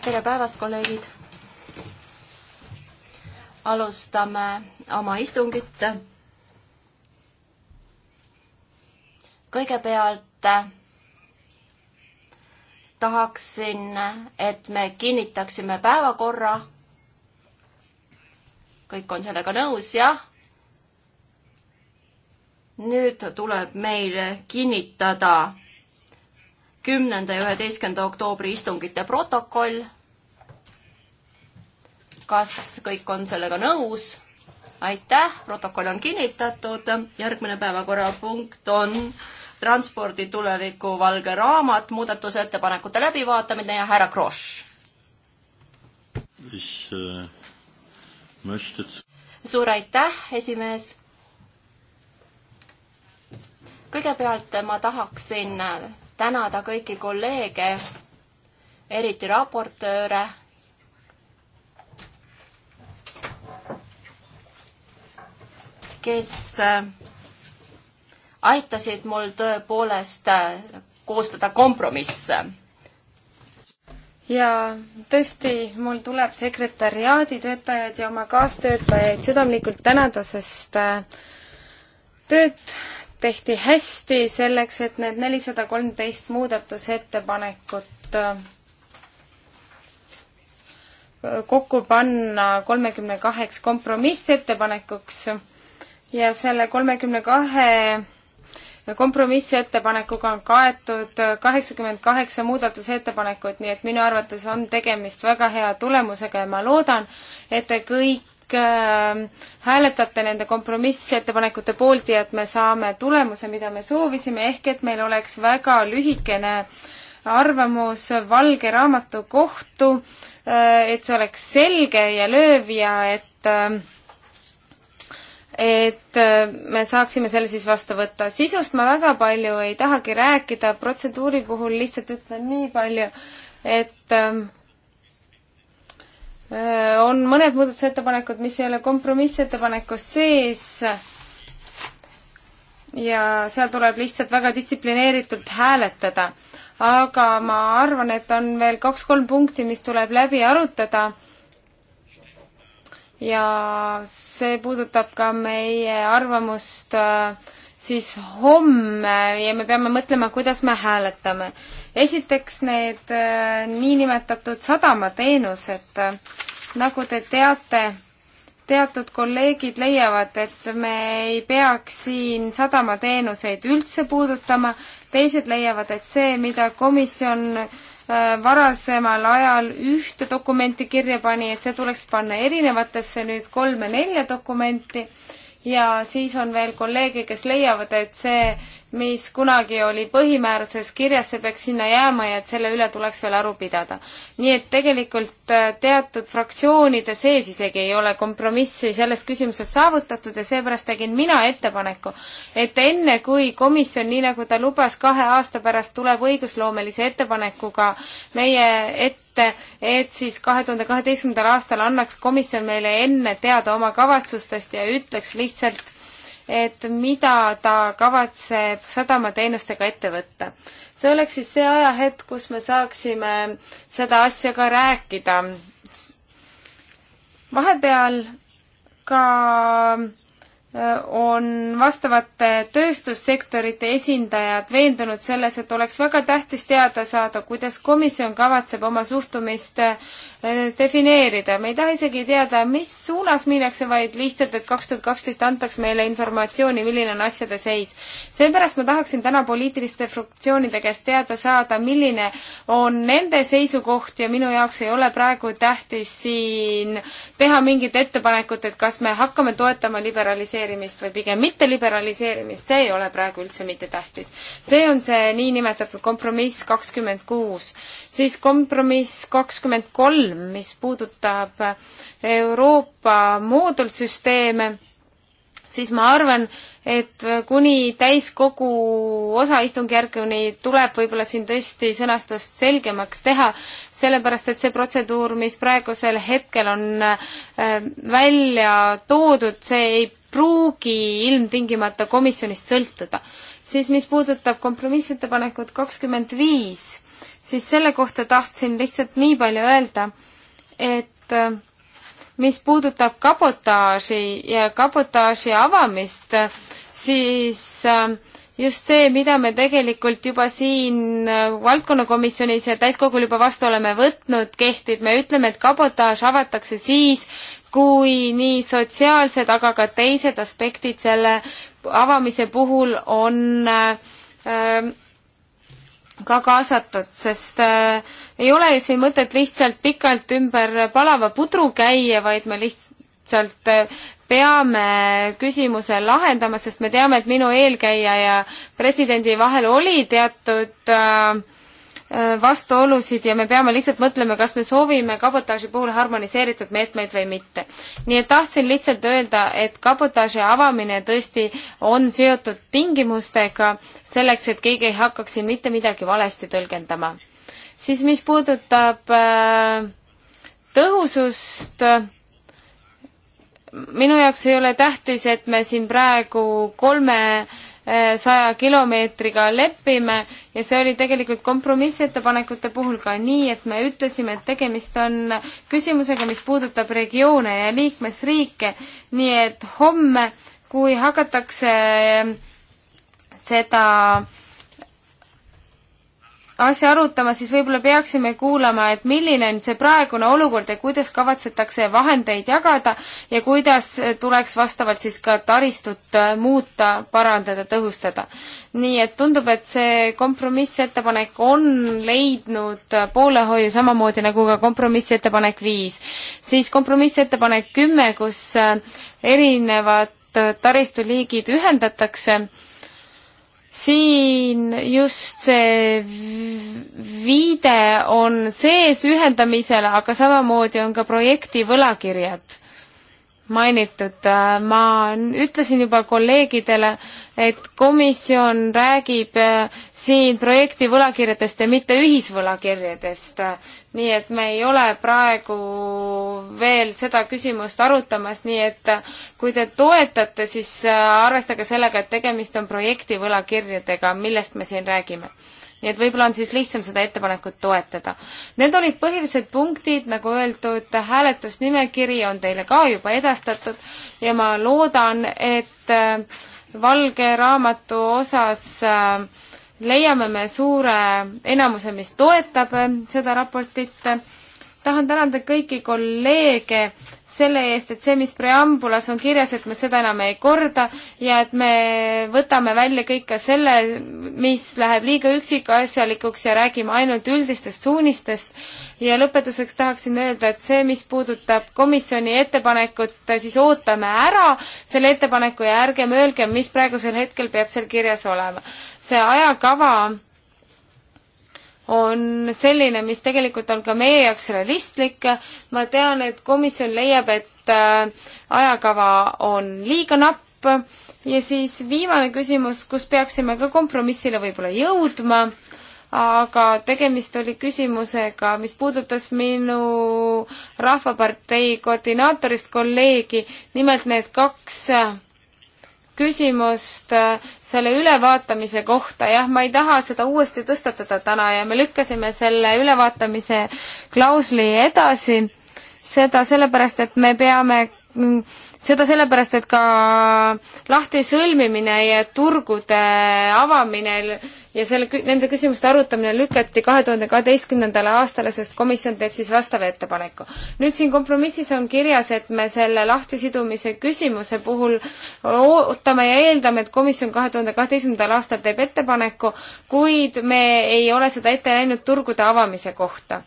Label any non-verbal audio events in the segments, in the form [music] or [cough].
tere päevast, kolleegid! alustame oma istungit. kõigepealt eh, tahaksin, et me kinnitaksime päevakorra. kõik on sellega nõus, jah? nüüd tuleb meil kinnitada kümnenda ja üheteistkümnenda oktoobri istungite protokoll. kas kõik on sellega nõus? aitäh, protokoll on kinnitatud. järgmine päevakorrapunkt on transpordi tuleviku valge raamat, muudatusettepanekute läbivaatamine ja härra Kross. Äh, suur aitäh, esimees. kõigepealt ma tahaksin tänada kõiki kolleege, eriti raportööre. kes äh, aitasid mul tõepoolest äh, koostada kompromisse ja tõesti, mul tuleb sekretäriaadi töötajaid ja oma kaastöötajaid südamlikult tänada, sest äh, tööd tehti hästi selleks, et need nelisada kolmteist muudatusettepanekut äh, kokku panna kolmekümne kaheks kompromissettepanekuks ja selle kolmekümne kahe kompromissettepanekuga on kaetud kaheksakümmend kaheksa muudatusettepanekut, nii et minu arvates on tegemist väga hea tulemusega ja ma loodan, et te kõik kõik ähm, hääletate nende kompromissettepanekute poolt ja et me saame tulemuse, mida me soovisime, ehk et meil oleks väga lühikene arvamus Valge Raamatu kohtu, äh, et see oleks selge ja lööv ja et ähm, et äh, me saaksime selle siis vastu võtta. sisust ma väga palju ei tahagi rääkida, protseduuri puhul lihtsalt ütlen nii palju, et äh, Äh, on mõned muudatusettepanekud, mis ei ole kompromissettepanekus sees ja seal tuleb lihtsalt väga distsiplineeritult hääletada. aga ma arvan, et on veel kaks-kolm punkti, mis tuleb läbi arutada ja see puudutab ka meie arvamust äh, siis homme ja me peame mõtlema, kuidas me hääletame esiteks need äh, niinimetatud sadamateenused, nagu te teate, teatud kolleegid leiavad, et me ei peaks siin sadamateenuseid üldse puudutama, teised leiavad, et see, mida komisjon äh, varasemal ajal ühte dokumenti kirja pani, et see tuleks panna erinevatesse nüüd kolme-nelja dokumenti ja siis on veel kolleege, kes leiavad, et see, mis kunagi oli põhimääruses kirjas, see peaks sinna jääma ja et selle üle tuleks veel aru pidada. nii et tegelikult äh, teatud fraktsioonide sees isegi ei ole kompromissi selles küsimuses saavutatud ja seepärast tegin mina ettepaneku, et enne kui komisjon, nii nagu ta lubas, kahe aasta pärast tuleb õigusloomelise ettepanekuga meie et-, mitte, et siis kahe tuhande kaheteistkümnendal aastal annaks komisjon meile enne teada oma kavatsustest ja ütleks lihtsalt, et mida ta kavatseb sadamateenustega ette võtta. see oleks siis see ajahetk, kus me saaksime seda asja ka rääkida. vahepeal ka on vastavate tööstussektorite esindajad veendunud selles, et oleks väga tähtis teada saada, kuidas komisjon kavatseb oma suhtumist Eh, defineerida, me ei taha isegi teada, mis suunas minnakse, vaid lihtsalt, et kaks tuhat kaksteist antaks meile informatsiooni, milline on asjade seis. seepärast ma tahaksin täna poliitiliste fraktsioonide käest teada saada, milline on nende seisukoht ja minu jaoks ei ole praegu tähtis siin teha mingit ettepanekut, et kas me hakkame toetama liberaliseerimist või pigem mitte liberaliseerimist, see ei ole praegu üldse mitte tähtis. see on see niinimetatud kompromiss kakskümmend kuus, siis kompromiss kakskümmend kolm, kolm, mis puudutab Euroopa moodulsüsteeme, siis ma arvan, et kuni täiskogu osaistungjärguni tuleb võib-olla siin tõesti sõnastust selgemaks teha, sellepärast et see protseduur, mis praegusel hetkel on äh, välja toodud, see ei pruugi ilmtingimata komisjonist sõltuda. siis mis puudutab kompromissettepanekut kakskümmend viis, siis selle kohta tahtsin lihtsalt nii palju öelda, et äh, mis puudutab kabotaaži ja kabotaaži avamist, siis äh, just see, mida me tegelikult juba siin äh, valdkonnakomisjonis ja täiskogul juba vastu oleme võtnud, kehtib, me ütleme, et kabotaaž avatakse siis, kui nii sotsiaalsed, aga ka teised aspektid selle avamise puhul on äh, ka kaasatud, sest äh, ei ole siin mõtet lihtsalt pikalt ümber palava pudru käia, vaid me lihtsalt äh, peame küsimuse lahendama, sest me teame, et minu eelkäija ja presidendi vahel oli teatud äh, Äh, vastuolusid ja me peame lihtsalt mõtlema, kas me soovime kabotaaži puhul harmoniseeritud meetmeid või mitte. nii et tahtsin lihtsalt öelda, et kabotaaži avamine tõesti on seotud tingimustega, selleks et keegi ei hakkaks siin mitte midagi valesti tõlgendama. siis mis puudutab äh, tõhusust, minu jaoks ei ole tähtis, et me siin praegu kolme äh, saja kilomeetriga lepime ja see oli tegelikult kompromissettepanekute puhul ka nii, et me ütlesime, et tegemist on küsimusega, mis puudutab regioone ja liikmesriike, nii et homme, kui hakatakse seda äh, asja arutama, siis võib-olla peaksime kuulama, et milline on see praegune olukord ja kuidas kavatsetakse vahendeid jagada ja kuidas tuleks vastavalt siis ka taristut äh, muuta, parandada, tõhustada. nii et tundub, et see kompromissettepanek on leidnud äh, poolehoiu samamoodi nagu ka kompromissettepanek viis. siis kompromissettepanek kümme, kus äh, erinevad taristuliigid ühendatakse siin just see viide on sees ühendamisele, aga samamoodi on ka projekti võlakirjad mainitud. ma ütlesin juba kolleegidele, et komisjon räägib äh, siin projekti võlakirjadest ja mitte ühisvõlakirjadest nii et me ei ole praegu veel seda küsimust arutamas, nii et kui te toetate, siis äh, arvestage sellega, et tegemist on projekti võlakirjadega, millest me siin räägime. nii et võib-olla on siis lihtsam seda ettepanekut toetada. Need olid põhilised punktid, nagu öeldud, hääletusnimekiri on teile ka juba edastatud ja ma loodan, et äh, valge raamatu osas äh, leiame me suure enamuse, mis toetab seda raportit. tahan tänada kõiki kolleege, selle eest, et see, mis preambulas on kirjas, et me seda enam ei korda ja et me võtame välja kõik ka selle, mis läheb liiga üksikasjalikuks ja räägime ainult üldistest suunistest. ja lõpetuseks tahaksin öelda, et see, mis puudutab komisjoni ettepanekut, siis ootame ära selle ettepaneku ja ärgem öelgem, mis praegusel hetkel peab seal kirjas olema. see ajakava on selline, mis tegelikult on ka meie jaoks realistlik. ma tean, et komisjon leiab, et äh, ajakava on liiga napp ja siis viimane küsimus, kus peaksime ka kompromissile võib-olla jõudma, aga tegemist oli küsimusega, mis puudutas minu Rahvapartei koordinaatorist kolleegi, nimelt need kaks äh, küsimust äh, selle ülevaatamise kohta, jah, ma ei taha seda uuesti tõstatada täna ja me lükkasime selle ülevaatamise klausli edasi, seda sellepärast, et me peame mm, seda sellepärast, et ka lahtisõlmimine ja turgude avamine ja selle, nende küsimuste arutamine lükati kahe tuhande kaheteistkümnendale aastale, sest komisjon teeb siis vastava ettepaneku. nüüd siin kompromissis on kirjas, et me selle lahtisidumise küsimuse puhul ootame ja eeldame, et komisjon kahe tuhande kaheteistkümnendal aastal teeb ettepaneku, kuid me ei ole seda ette näinud turgude avamise kohta.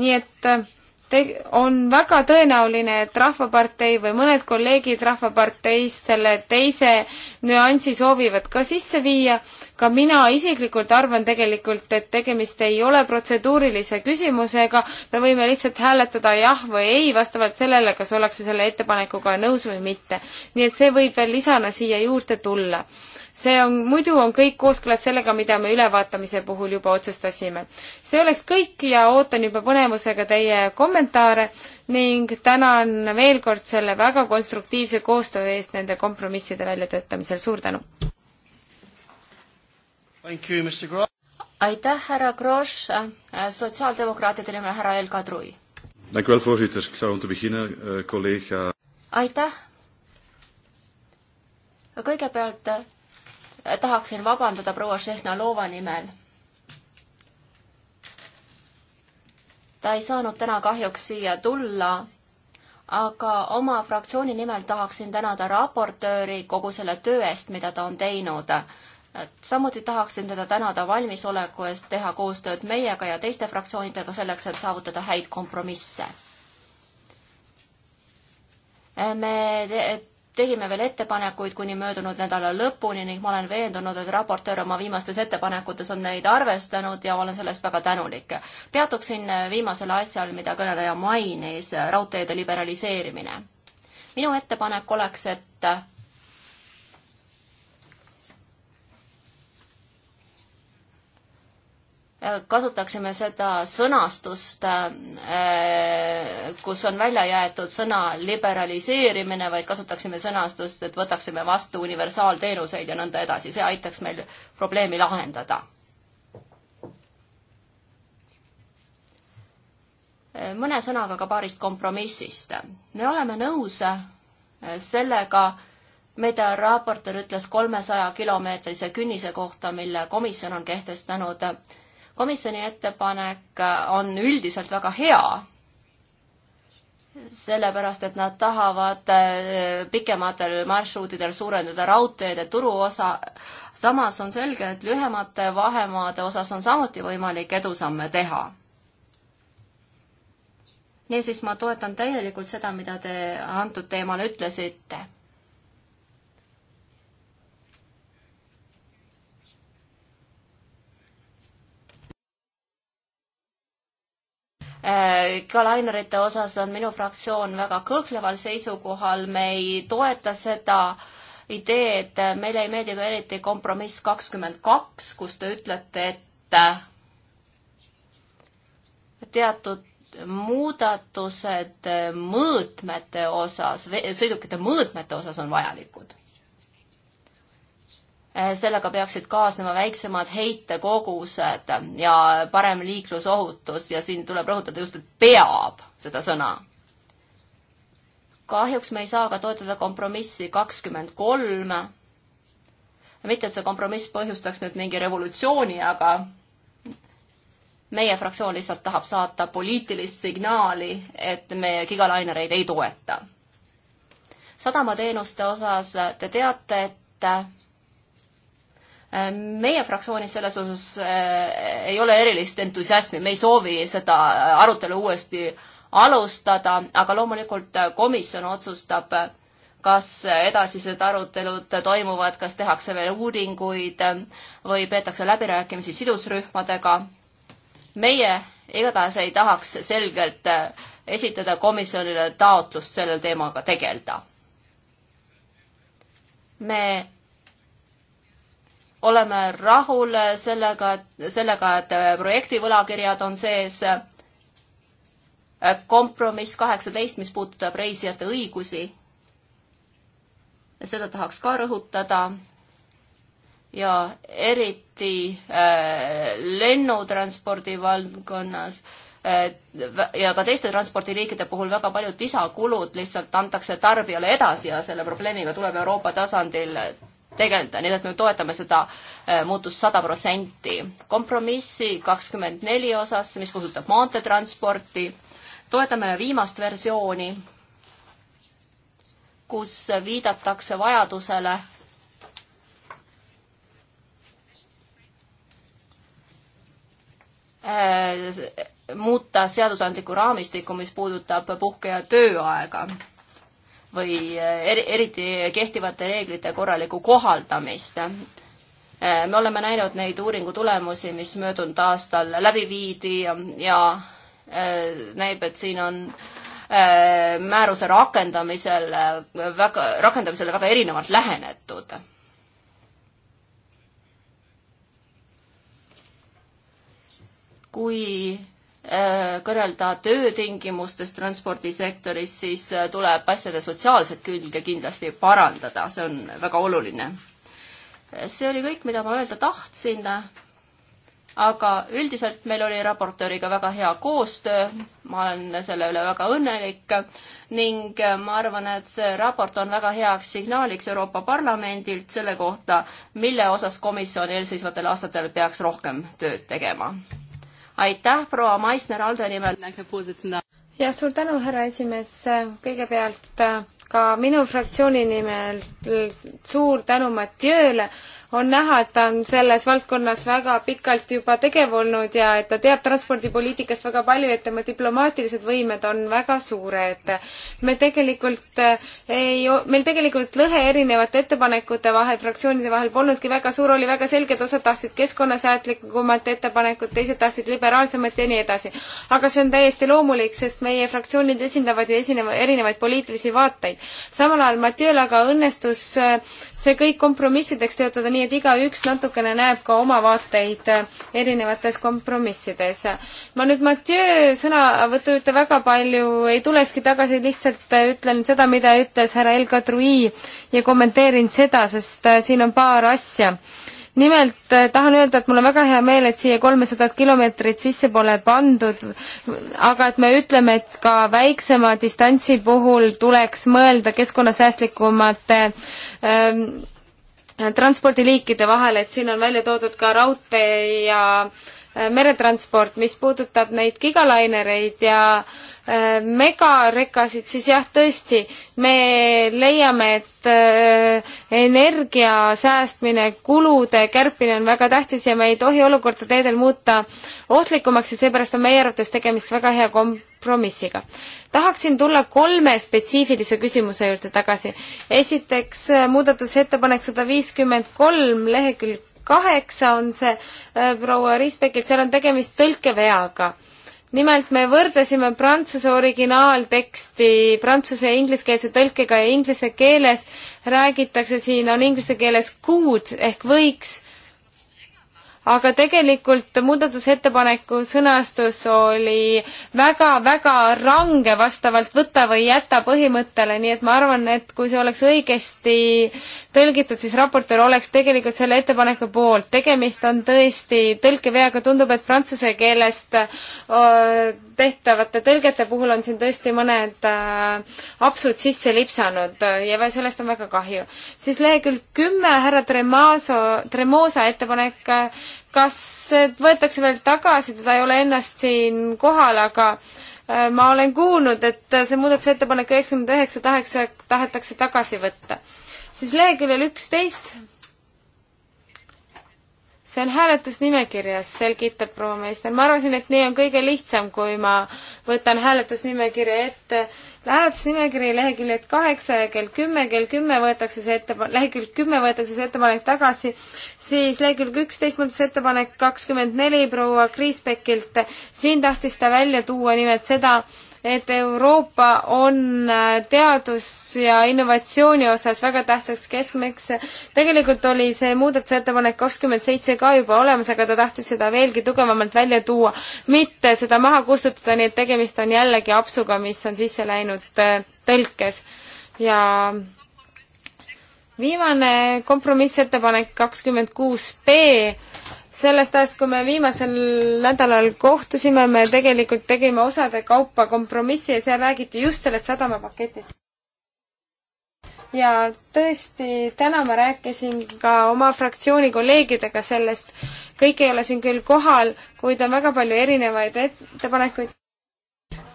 nii et äh, te-, on väga tõenäoline, et Rahvapartei või mõned kolleegid Rahvaparteist selle teise nüansi soovivad ka sisse viia. ka mina isiklikult arvan tegelikult, et tegemist ei ole protseduurilise küsimusega, me võime lihtsalt hääletada jah või ei vastavalt sellele, kas ollakse selle ettepanekuga nõus või mitte. nii et see võib veel lisana siia juurde tulla see on, muidu on kõik kooskõlas sellega, mida me ülevaatamise puhul juba otsustasime. see oleks kõik ja ootan juba põnevusega teie kommentaare ning tänan veel kord selle väga konstruktiivse koostöö eest nende kompromisside väljatöötamisel, suur tänu! aitäh, härra Grosch, äh, sotsiaaldemokraatide nimel härra El Kadri. Eh, aitäh! kõigepealt tahaksin vabandada proua Šehnalova nimel. ta ei saanud täna kahjuks siia tulla, aga oma fraktsiooni nimel tahaksin tänada raportööri kogu selle töö eest, mida ta on teinud. samuti tahaksin teda tänada valmisoleku eest teha koostööd meiega ja teiste fraktsioonidega selleks, et saavutada häid kompromisse me tegime veel ettepanekuid kuni möödunud nädala lõpuni ning ma olen veendunud, et raportöör oma viimastes ettepanekutes on neid arvestanud ja olen selle eest väga tänulik. peatuksin viimasel asjal, mida kõneleja mainis, raudteede liberaliseerimine. minu ettepanek oleks, et kasutaksime seda sõnastust, äh, kus on välja jäetud sõna liberaliseerimine, vaid kasutaksime sõnastust, et võtaksime vastu universaalteenuseid ja nõnda edasi, see aitaks meil probleemi lahendada. mõne sõnaga ka paarist kompromissist. me oleme nõus äh, sellega, mida raportöör ütles kolmesaja kilomeetrise künnise kohta, mille komisjon on kehtestanud komisjoni ettepanek on üldiselt väga hea, sellepärast et nad tahavad eh, pikematel marsruutidel suurendada raudteede turuosa. samas on selge, et lühemate vahemaade osas on samuti võimalik edusamme teha. niisiis, ma toetan täielikult seda, mida te antud teemal ütlesite Äh, ka lainerite osas on minu fraktsioon väga kõhkleval seisukohal, me ei toeta seda ideed, meile ei meeldi ka eriti kompromiss kakskümmend kaks, kus te ütlete, et äh, teatud muudatused äh, mõõtmete osas, sõidukite mõõtmete osas on vajalikud Eh, sellega peaksid kaasnema väiksemad heitekogused ja parem liiklusohutus ja siin tuleb rõhutada just, et peab seda sõna. kahjuks me ei saa ka toetada kompromissi kakskümmend kolm. mitte, et see kompromiss põhjustaks nüüd mingi revolutsiooni, aga meie fraktsioon lihtsalt tahab saata poliitilist signaali, et me gigalainereid ei toeta. sadamateenuste osas te teate, et Äh, meie fraktsioonis selles osas äh, ei ole erilist entusiasmi, me ei soovi seda äh, arutelu uuesti alustada, aga loomulikult komisjon otsustab, kas edasised arutelud toimuvad, kas tehakse veel uuringuid või peetakse läbirääkimisi sidusrühmadega. meie igatahes ei tahaks selgelt esitada komisjonile taotlust sellel teemaga tegeleda. me oleme rahul sellega, sellega, et projekti võlakirjad on sees. kompromiss kaheksateist, mis puudutab reisijate õigusi. seda tahaks ka rõhutada. ja eriti äh, lennutranspordi valdkonnas äh, ja ka teiste transpordiliikide puhul väga paljud lisakulud lihtsalt antakse tarbijale edasi ja selle probleemiga tuleb Euroopa tasandil tegeleda, nii et me toetame seda äh, muutust sada protsenti. kompromissi kakskümmend neli osas, mis puudutab maanteetransporti, toetame viimast versiooni, kus viidatakse vajadusele äh, muuta seadusandlikku raamistikku, mis puudutab puhke- ja tööaega või eriti kehtivate reeglite korralikku kohaldamist. Äh, me oleme näinud neid uuringu tulemusi, mis möödunud aastal läbi viidi ja äh, näib, et siin on äh, määruse rakendamisel väga, rakendamisele väga erinevalt lähenetud kui Äh, kõrvelda töötingimustest transpordisektoris, siis äh, tuleb asjade sotsiaalset külge kindlasti parandada, see on väga oluline. Äh, see oli kõik, mida ma öelda tahtsin. aga üldiselt meil oli raportööriga väga hea koostöö, ma olen selle üle väga õnnelik ning ma arvan, et see raport on väga heaks signaaliks Euroopa Parlamendilt selle kohta, mille osas komisjon eelseisvatel aastatel peaks rohkem tööd tegema aitäh, proua Maisner Aldo nimel. jah, suur tänu, härra esimees, kõigepealt äh, ka minu fraktsiooni nimel suur tänu Mattiööle on näha, et ta on selles valdkonnas väga pikalt juba tegev olnud ja et ta teab transpordipoliitikast väga palju, et tema diplomaatilised võimed on väga suured. me tegelikult eh, ei, meil tegelikult lõhe erinevate ettepanekute vahel, fraktsioonide vahel polnudki väga suur, oli väga selge, et osad tahtsid keskkonnasäätlikumat ettepanekut, teised tahtsid liberaalsemat ja nii edasi. aga see on täiesti loomulik, sest meie fraktsioonid esindavad ju esineva, erinevaid poliitilisi vaateid. samal ajal Mathieu'l aga õnnestus eh, see kõik kompromissideks töötada nii, nii et igaüks natukene näeb ka oma vaateid äh, erinevates kompromissides. ma nüüd Mathieu sõnavõtu juurde väga palju ei tulekski tagasi, lihtsalt äh, ütlen seda, mida ütles härra El Kadri ja kommenteerin seda, sest äh, siin on paar asja nimelt tahan öelda, et mul on väga hea meel, et siia kolmesadat kilomeetrit sisse pole pandud, aga et me ütleme, et ka väiksema distantsi puhul tuleks mõelda keskkonnasäästlikumate ähm, transpordiliikide vahel, et siin on välja toodud ka raudtee ja äh, meretransport, mis puudutab neid gigalainereid ja äh, megarekasid, siis jah, tõesti, me leiame, et äh, energia säästmine, kulude kärpimine on väga tähtis ja me ei tohi olukorda teedel muuta ohtlikumaks ja seepärast on meie arvates tegemist väga hea komp-, kompromissiga. tahaksin tulla kolme spetsiifilise küsimuse juurde tagasi. esiteks äh, muudatusettepanek sada viiskümmend kolm, lehekülg kaheksa on see äh, proua Riisbekilt, seal on tegemist tõlkeveaga nimelt me võrdlesime prantsuse originaalteksti prantsuse ja ingliskeelse tõlkega ja inglise keeles räägitakse siin, on inglise keeles could ehk võiks aga tegelikult muudatusettepaneku sõnastus oli väga-väga range vastavalt võta või jäta põhimõttele, nii et ma arvan, et kui see oleks õigesti tõlgitud, siis raportöör oleks tegelikult selle ettepaneku poolt. tegemist on tõesti tõlkeveaga, tundub, et prantsuse keelest öö, tehtavate tõlgete puhul on siin tõesti mõned äh, apsud sisse lipsanud äh, ja sellest on väga kahju. siis lehekülg kümme, härra Tremaso, Tremosa ettepanek, äh, kas võetakse veel tagasi, teda ei ole ennast siin kohal, aga äh, ma olen kuulnud, et see muudatusettepanek üheksakümmend üheksa tahaks, tahetakse tagasi võtta. siis leheküljel üksteist see on hääletusnimekirjas, selgitab proua meister. ma arvasin, et nii on kõige lihtsam, kui ma võtan hääletusnimekirja ette. hääletusnimekiri leheküljed kaheksa ja kell kümme, kell kümme võetakse see ette, lehekülg kümme võetakse see ettepanek tagasi, siis lehekülg üksteist muudatusettepanek kakskümmend neli proua Kriisbekilt. siin tahtis ta välja tuua nimelt seda, et Euroopa on äh, teadus- ja innovatsiooni osas väga tähtsaks keskmeks. tegelikult oli see muudatusettepanek kakskümmend seitse ka juba olemas, aga ta tahtis seda veelgi tugevamalt välja tuua, mitte seda maha kustutada, nii et tegemist on jällegi apsuga, mis on sisse läinud äh, tõlkes ja viimane kompromissettepanek kakskümmend kuus B sellest ajast, kui me viimasel nädalal kohtusime, me tegelikult tegime osade kaupa kompromissi ja seal räägiti just sellest sadamapaketist. ja tõesti, täna ma rääkisin ka oma fraktsiooni kolleegidega sellest, kõik ei ole siin küll kohal, kuid on väga palju erinevaid ettepanekuid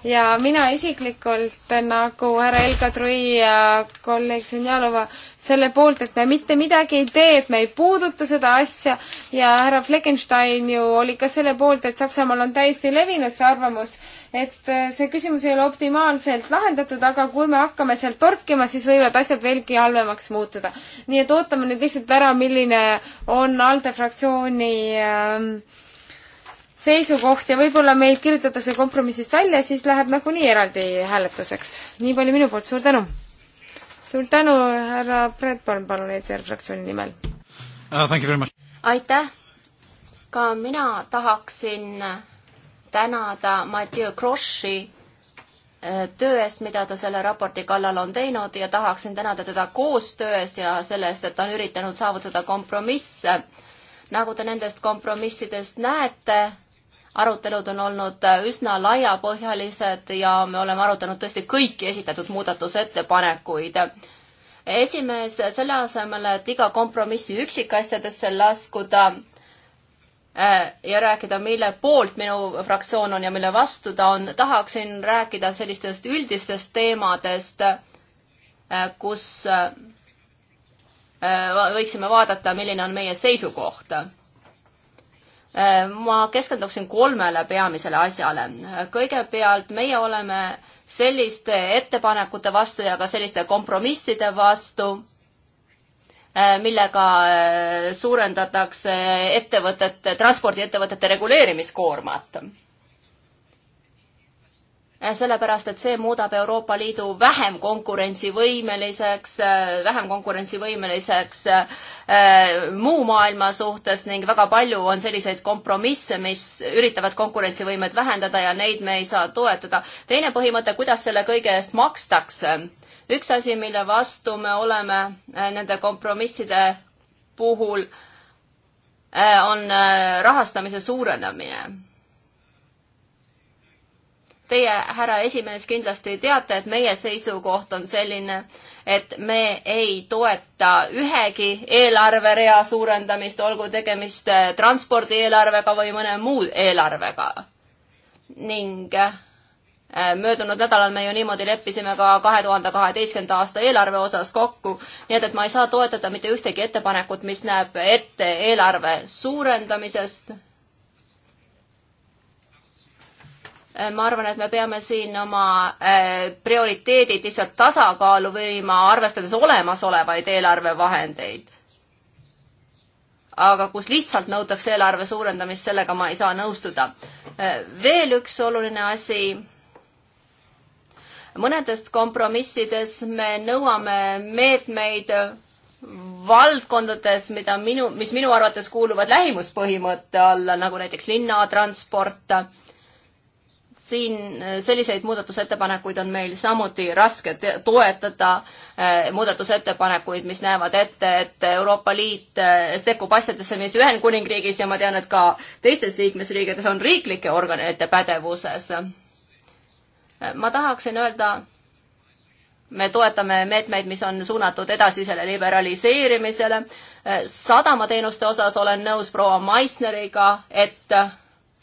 ja mina isiklikult nagu härra Elka Trui ja kolleeg Sõnjalova selle poolt, et me mitte midagi ei tee, et me ei puuduta seda asja ja härra Fleckenstein ju oli ka selle poolt, et Saksamaal on täiesti levinud see arvamus, et äh, see küsimus ei ole optimaalselt lahendatud, aga kui me hakkame sealt torkima, siis võivad asjad veelgi halvemaks muutuda. nii et ootame nüüd lihtsalt ära, milline on ALDE fraktsiooni ähm, seisukoht ja võib-olla meil kirjutatakse kompromissist välja, siis läheb nagunii eraldi hääletuseks. nii palju minu poolt, suur tänu! suur tänu, härra Bradborn, palun, ECR fraktsiooni nimel uh,. aitäh! ka mina tahaksin tänada Mathieu Grossi äh, töö eest, mida ta selle raporti kallal on teinud ja tahaksin tänada teda koostöö eest ja selle eest, et ta on üritanud saavutada kompromisse. nagu te nendest kompromissidest näete, arutelud on olnud äh, üsna laiapõhjalised ja me oleme arutanud tõesti kõiki esitatud muudatusettepanekuid esimees, selle asemel, et iga kompromissi üksikasjadesse laskuda äh, ja rääkida, mille poolt minu fraktsioon on ja mille vastu ta on, tahaksin rääkida sellistest üldistest teemadest, äh, kus võiksime vaadata, milline on meie seisukoht ma keskenduksin kolmele peamisele asjale. kõigepealt meie oleme selliste ettepanekute vastu ja ka selliste kompromisside vastu, äh, millega äh, suurendatakse ettevõtete, transpordiettevõtete reguleerimiskoormat Äh, sellepärast et see muudab Euroopa Liidu vähem konkurentsivõimeliseks, äh, vähem konkurentsivõimeliseks äh, muu maailma suhtes ning väga palju on selliseid kompromisse, mis üritavad konkurentsivõimet vähendada ja neid me ei saa toetada. teine põhimõte, kuidas selle kõige eest makstakse. üks asi, mille vastu me oleme nende kompromisside puhul, on rahastamise suurenemine Teie, härra esimees, kindlasti teate, et meie seisukoht on selline, et me ei toeta ühegi eelarverea suurendamist, olgu tegemist eh, transpordieelarvega või mõne muu eelarvega. ning eh, möödunud nädalal me ju niimoodi leppisime ka kahe tuhande kaheteistkümnenda aasta eelarve osas kokku, nii et, et ma ei saa toetada mitte ühtegi ettepanekut, mis näeb ette eelarve suurendamisest Äh, ma arvan, et me peame siin oma äh, prioriteedid lihtsalt tasakaalu võima, arvestades olemasolevaid eelarvevahendeid. aga kus lihtsalt nõutakse eelarve suurendamist, sellega ma ei saa nõustuda. Äh, veel üks oluline asi mõnedest kompromissides me nõuame meetmeid valdkondades, mida minu, mis minu arvates kuuluvad lähimuspõhimõtte alla, nagu näiteks linnatransport siin äh, selliseid muudatusettepanekuid on meil samuti raske toetada, äh, muudatusettepanekuid, mis näevad ette, et Euroopa Liit äh, sekkub asjadesse, mis Ühendkuningriigis ja ma tean, et ka teistes liikmesriikides on riiklike organite pädevuses. ma tahaksin öelda, me toetame meetmeid, mis on suunatud edasisele liberaliseerimisele. sadamateenuste osas olen nõus proua Meissneriga, et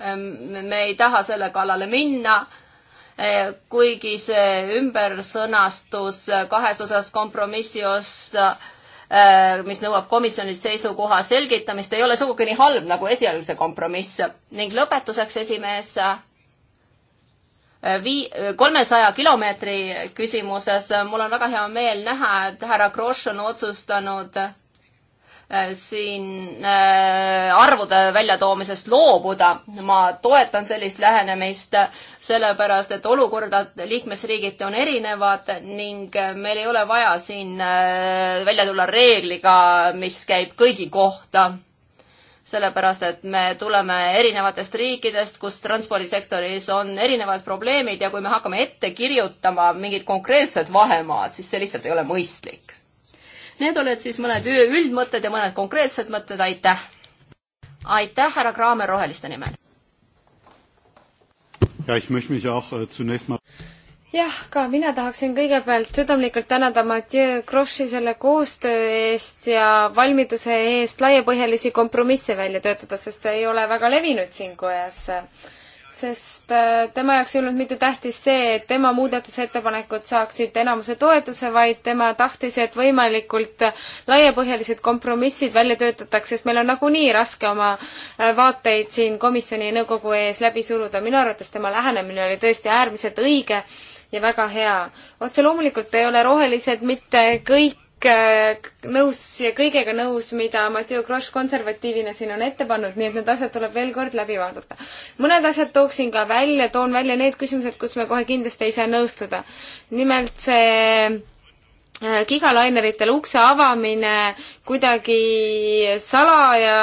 Ehm, me ei taha selle kallale minna, eh, kuigi see ümbersõnastus kahes osas kompromissi osta, eh, mis nõuab komisjonilt seisukoha selgitamist, ei ole sugugi nii halb nagu esialgne see kompromiss. ning lõpetuseks, esimees, eh, vii-, kolmesaja kilomeetri küsimuses mul on väga hea meel näha, et härra Grosch on otsustanud Äh, siin äh, arvude väljatoomisest loobuda. ma toetan sellist lähenemist, sellepärast et olukorrad liikmesriigiti on erinevad ning meil ei ole vaja siin äh, välja tulla reegliga, mis käib kõigi kohta sellepärast et me tuleme erinevatest riikidest, kus transpordisektoris on erinevad probleemid ja kui me hakkame ette kirjutama mingid konkreetsed vahemaad, siis see lihtsalt ei ole mõistlik Need olid siis mõned üldmõtted ja mõned konkreetsed mõtted, aitäh! aitäh, härra Kraamer Roheliste nimel! Äh, jah, ka mina tahaksin kõigepealt südamlikult tänada Mathieu Grossi selle koostöö eest ja valmiduse eest laiapõhjalisi kompromisse välja töötada, sest see ei ole väga levinud siin kojas sest äh, tema jaoks ei olnud mitte tähtis see, et tema muudatusettepanekud saaksid enamuse toetuse, vaid tema tahtis, et võimalikult laiapõhjalised kompromissid välja töötatakse, sest meil on nagunii raske oma äh, vaateid siin komisjoni ja nõukogu ees läbi suruda. minu arvates tema lähenemine oli tõesti äärmiselt õige ja väga hea. otse loomulikult ei ole rohelised mitte kõik Äh, nõus ja kõigega nõus, mida Mathieu Grosch konservatiivina siin on ette pannud, nii et need asjad tuleb veel kord läbi vaadata. mõned asjad tooksin ka välja, toon välja need küsimused, kus me kohe kindlasti ei saa nõustuda. nimelt see äh, gigalaineritele ukse avamine kuidagi salaja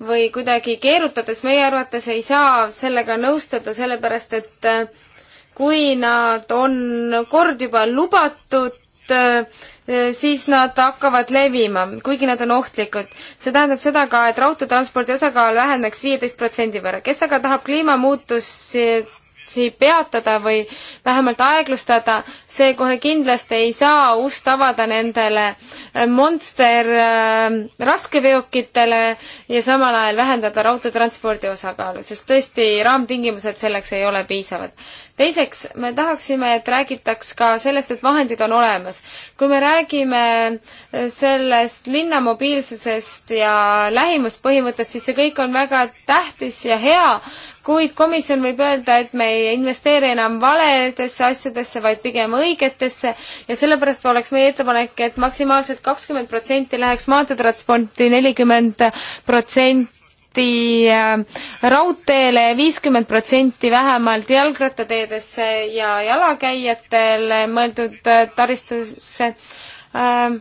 või kuidagi keerutades meie arvates ei saa sellega nõustuda, sellepärast et äh, kui nad on kord juba lubatud, Eh, siis nad hakkavad levima, kuigi nad on ohtlikud. see tähendab seda ka, et raudteetranspordi osakaal väheneks viieteist protsendi võrra. kes aga tahab kliimamuutusi protsessi peatada või vähemalt aeglustada, see kohe kindlasti ei saa ust avada nendele eh, monster eh, raskeveokitele ja samal ajal vähendada raudteetranspordi osakaalu, sest tõesti raamtingimused selleks ei ole piisavad teiseks, me tahaksime, et räägitaks ka sellest, et vahendid on olemas. kui me räägime eh, sellest linna mobiilsusest ja lähimuspõhimõttest, siis see kõik on väga tähtis ja hea, kuid komisjon võib öelda, et me ei investeeri enam valedesse asjadesse, vaid pigem õigetesse ja sellepärast oleks meie ettepanek, et maksimaalselt kakskümmend protsenti läheks maanteetransporti, nelikümmend protsenti protsenti äh, raudteele, viiskümmend protsenti vähemalt jalgrattateedesse ja jalakäijatele mõeldud äh, taristusse. Ähm,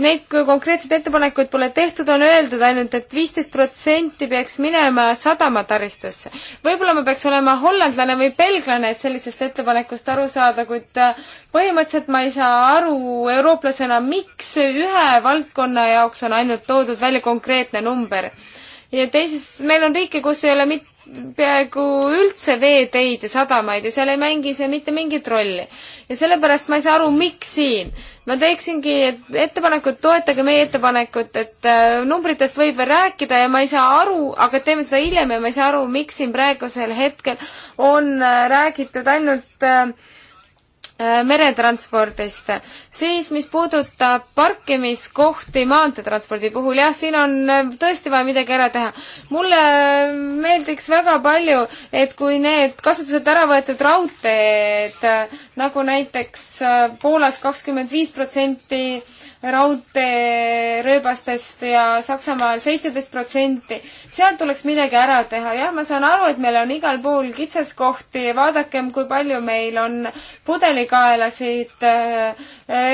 neid konkreetseid ettepanekuid pole tehtud, on öeldud ainult et, et viisteist protsenti peaks minema sadamataristusse. võib-olla ma peaks olema hollandlane või belglane, et sellisest ettepanekust aru saada, kuid äh, põhimõtteliselt ma ei saa aru eurooplasena, miks ühe valdkonna jaoks on ainult toodud välja konkreetne number ja teises, meil on riike, kus ei ole mit-, peaaegu üldse veeteid ja sadamaid ja seal ei mängi see mitte mingit rolli. ja sellepärast ma ei saa aru, miks siin. ma teeksingi et ettepanekut, toetage meie ettepanekut, et äh, numbritest võib veel rääkida ja ma ei saa aru, aga teeme seda hiljem ja ma ei saa aru, miks siin praegusel hetkel on äh, räägitud ainult äh, Äh, meretranspordist, siis mis puudutab parkimiskohti maanteetranspordi puhul, jah, siin on äh, tõesti vaja midagi ära teha. mulle äh, meeldiks väga palju, et kui need kasutuselt ära võetud raudteed, nagu näiteks Poolas kakskümmend viis protsenti raudteerööbastest ja Saksamaal seitseteist protsenti. seal tuleks midagi ära teha. jah, ma saan aru, et meil on igal pool kitsaskohti, vaadakem, kui palju meil on pudelikaelasid äh,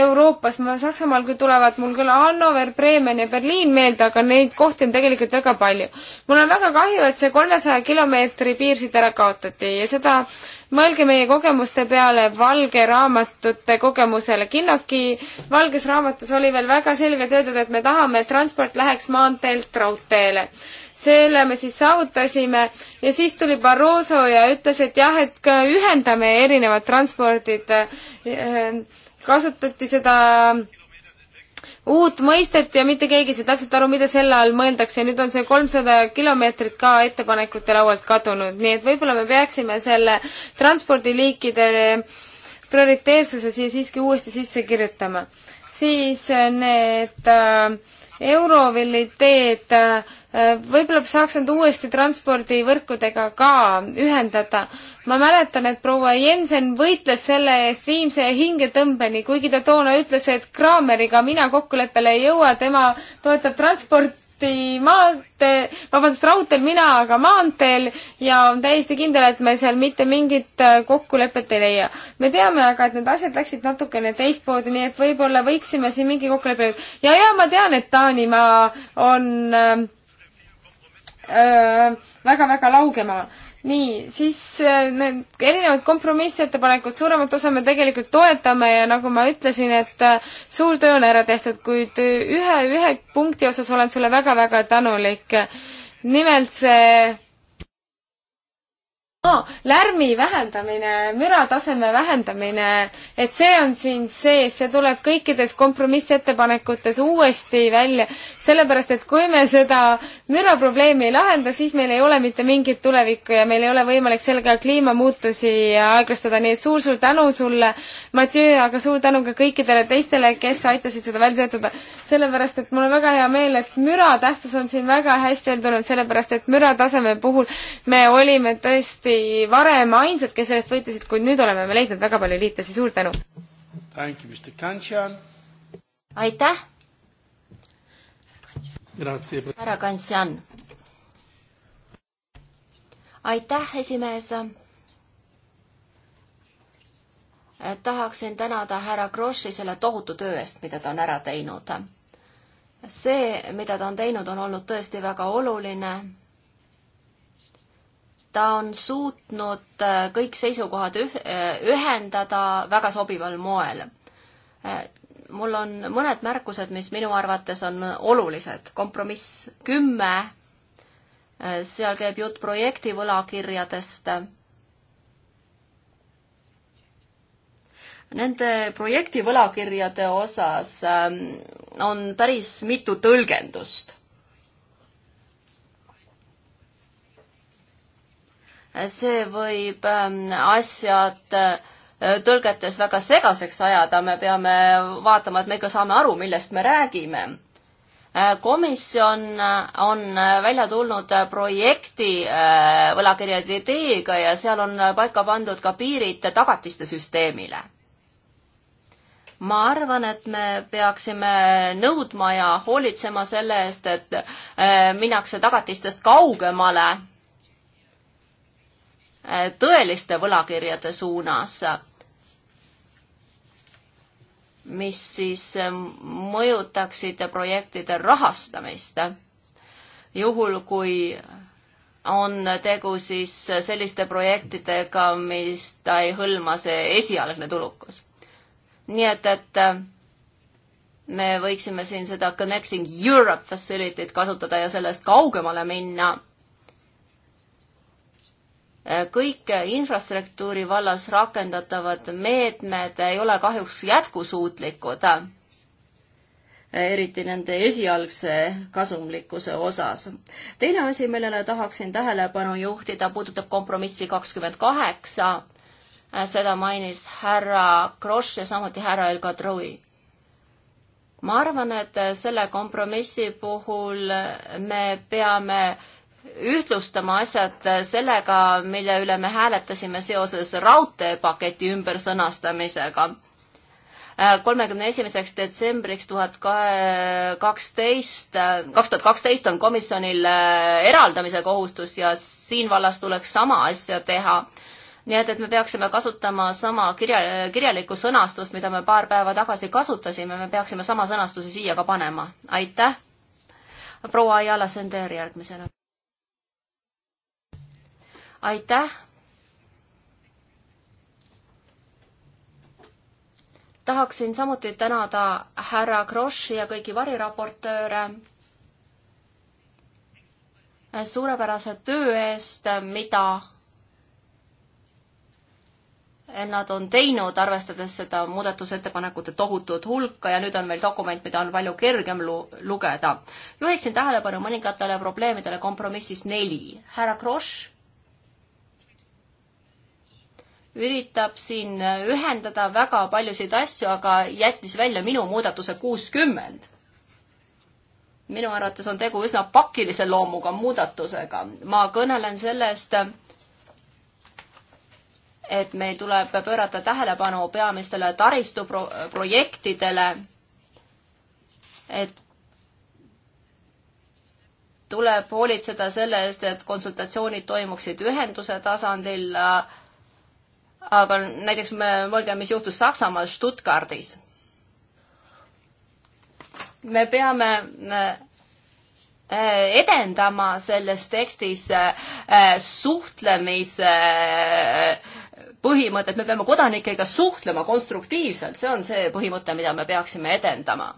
Euroopas. ma Saksamaal küll tulevad mul küll Hannover, Bremen ja Berliin meelde, aga neid kohti on tegelikult väga palju. mul on väga kahju, et see kolmesaja kilomeetri piir siit ära kaotati ja seda mõelge meie kogemuste peale valge raamatute kogemusele. Kinnoki valges raamatus oli veel väga selgelt öeldud, et me tahame, et transport läheks maanteelt raudteele selle me siis saavutasime ja siis tuli Barroso ja ütles, et jah, et ka ühendame erinevad transpordid. Ehm, kasutati seda äh, uut mõistet ja mitte keegi ei saa täpselt aru, mida selle all mõeldakse. nüüd on see kolmsada kilomeetrit ka ettepanekute laualt kadunud, nii et võib-olla me peaksime selle transpordiliikide prioriteetsuse siia siiski uuesti sisse kirjutama. siis need äh, Eurovilli teed, äh, võib-olla saaks need uuesti transpordivõrkudega ka ühendada. ma mäletan, et proua Jensen võitles selle eest viimse hingetõmbeni, kuigi ta toona ütles, et Kraameriga mina kokkuleppele ei jõua, tema toetab transporti lahti maantee, vabandust, raudteel mina, aga maanteel ja on täiesti kindel, et me seal mitte mingit äh, kokkulepet ei leia. me teame aga, et need asjad läksid natukene teistmoodi, nii et võib-olla võiksime siin mingi kokkuleppe ja, ja ma tean, et Taanimaa on äh, äh, väga-väga äh, väga, väga lauge maa nii, siis need äh, erinevad kompromissettepanekud, suuremat osa me tegelikult toetame ja nagu ma ütlesin, et äh, suur töö on ära tehtud, kuid ühe, ühe punkti osas olen sulle väga-väga tänulik. nimelt see maa oh, lärmi vähendamine, mürataseme vähendamine, et see on siin sees, see tuleb kõikides kompromissettepanekutes uuesti välja, sellepärast et kui me seda müraprobleemi ei lahenda, siis meil ei ole mitte mingit tulevikku ja meil ei ole võimalik sellega kliimamuutusi aeglustada, nii et suur-suur tänu sulle, Mathieu, aga suur tänu ka kõikidele teistele, kes aitasid seda välja töötada, sellepärast et mul on väga hea meel, et müra tähtsus on siin väga hästi välja tulnud, sellepärast et mürataseme puhul me olime tõesti tõesti varem ainsad, kes sellest võitlesid, kuid nüüd oleme me leidnud väga palju liitlasi, suur tänu! aitäh! härra Kansian! aitäh, esimees! tahaksin tänada härra Grossi selle tohutu töö eest, mida ta on ära teinud. see, mida ta on teinud, on olnud tõesti väga oluline ta on suutnud äh, kõik seisukohad äh, ühendada väga sobival moel. Äh, mul on mõned märkused, mis minu arvates on olulised. kompromiss kümme, seal käib jutt projekti võlakirjadest. Nende projekti võlakirjade osas ähm, on päris mitu tõlgendust see võib ähm, asjad äh, tõlgetes väga segaseks ajada, me peame vaatama, et me ikka saame aru, millest me räägime. Äh, komisjon äh, on välja tulnud projekti võlakirjade ideega ja seal on paika pandud ka piirid tagatiste süsteemile ma arvan, et me peaksime nõudma ja hoolitsema selle eest, et minnakse tagatistest kaugemale Äh, tõeliste võlakirjade suunas, mis siis äh, mõjutaksid projektide rahastamist. juhul, kui on tegu siis selliste projektidega, mis ta ei hõlma, see esialgne tulukus. nii et, et äh, me võiksime siin seda Connecting Europe Facility't kasutada ja sellest kaugemale minna kõik infrastruktuuri vallas rakendatavad meetmed ei ole kahjuks jätkusuutlikud, eriti nende esialgse kasumlikkuse osas. teine asi, millele tahaksin tähelepanu juhtida, puudutab kompromissi kakskümmend kaheksa. seda mainis härra Kross ja samuti härra El Kadri ma arvan, et selle kompromissi puhul me peame ühtlustama asjad sellega, mille üle me hääletasime seoses raudteepaketi ümbersõnastamisega. Äh, kolmekümne esimeseks detsembriks tuhat kaksteist, äh, kaks tuhat kaksteist on komisjonil äh, eraldamise kohustus ja siin vallas tuleks sama asja teha. nii et, et me peaksime kasutama sama kirja, kirjalikku sõnastust, mida me paar päeva tagasi kasutasime, me peaksime sama sõnastuse siia ka panema. aitäh! proua Ayala Sender järgmisena aitäh. tahaksin samuti tänada härra Grossi ja kõiki variraportööre suurepärase töö eest, mida nad on teinud, arvestades seda muudatusettepanekute tohutut hulka ja nüüd on meil dokument, mida on palju kergem lu-, lugeda. juhiksin tähelepanu mõningatele probleemidele kompromissis neli. härra Kross üritab siin ühendada väga paljusid asju, aga jättis välja minu muudatuse kuuskümmend. minu arvates on tegu üsna pakilise loomuga muudatusega. ma kõnelen sellest, et meil tuleb pöörata tähelepanu peamistele taristuprojektidele, et tuleb hoolitseda selle eest, et konsultatsioonid toimuksid ühenduse tasandil äh, aga näiteks me, mõelge, mis juhtus Saksamaal Stuttgardis. me peame eh, edendama selles tekstis eh, suhtlemise eh, põhimõtet, me peame kodanikega suhtlema konstruktiivselt, see on see põhimõte, mida me peaksime edendama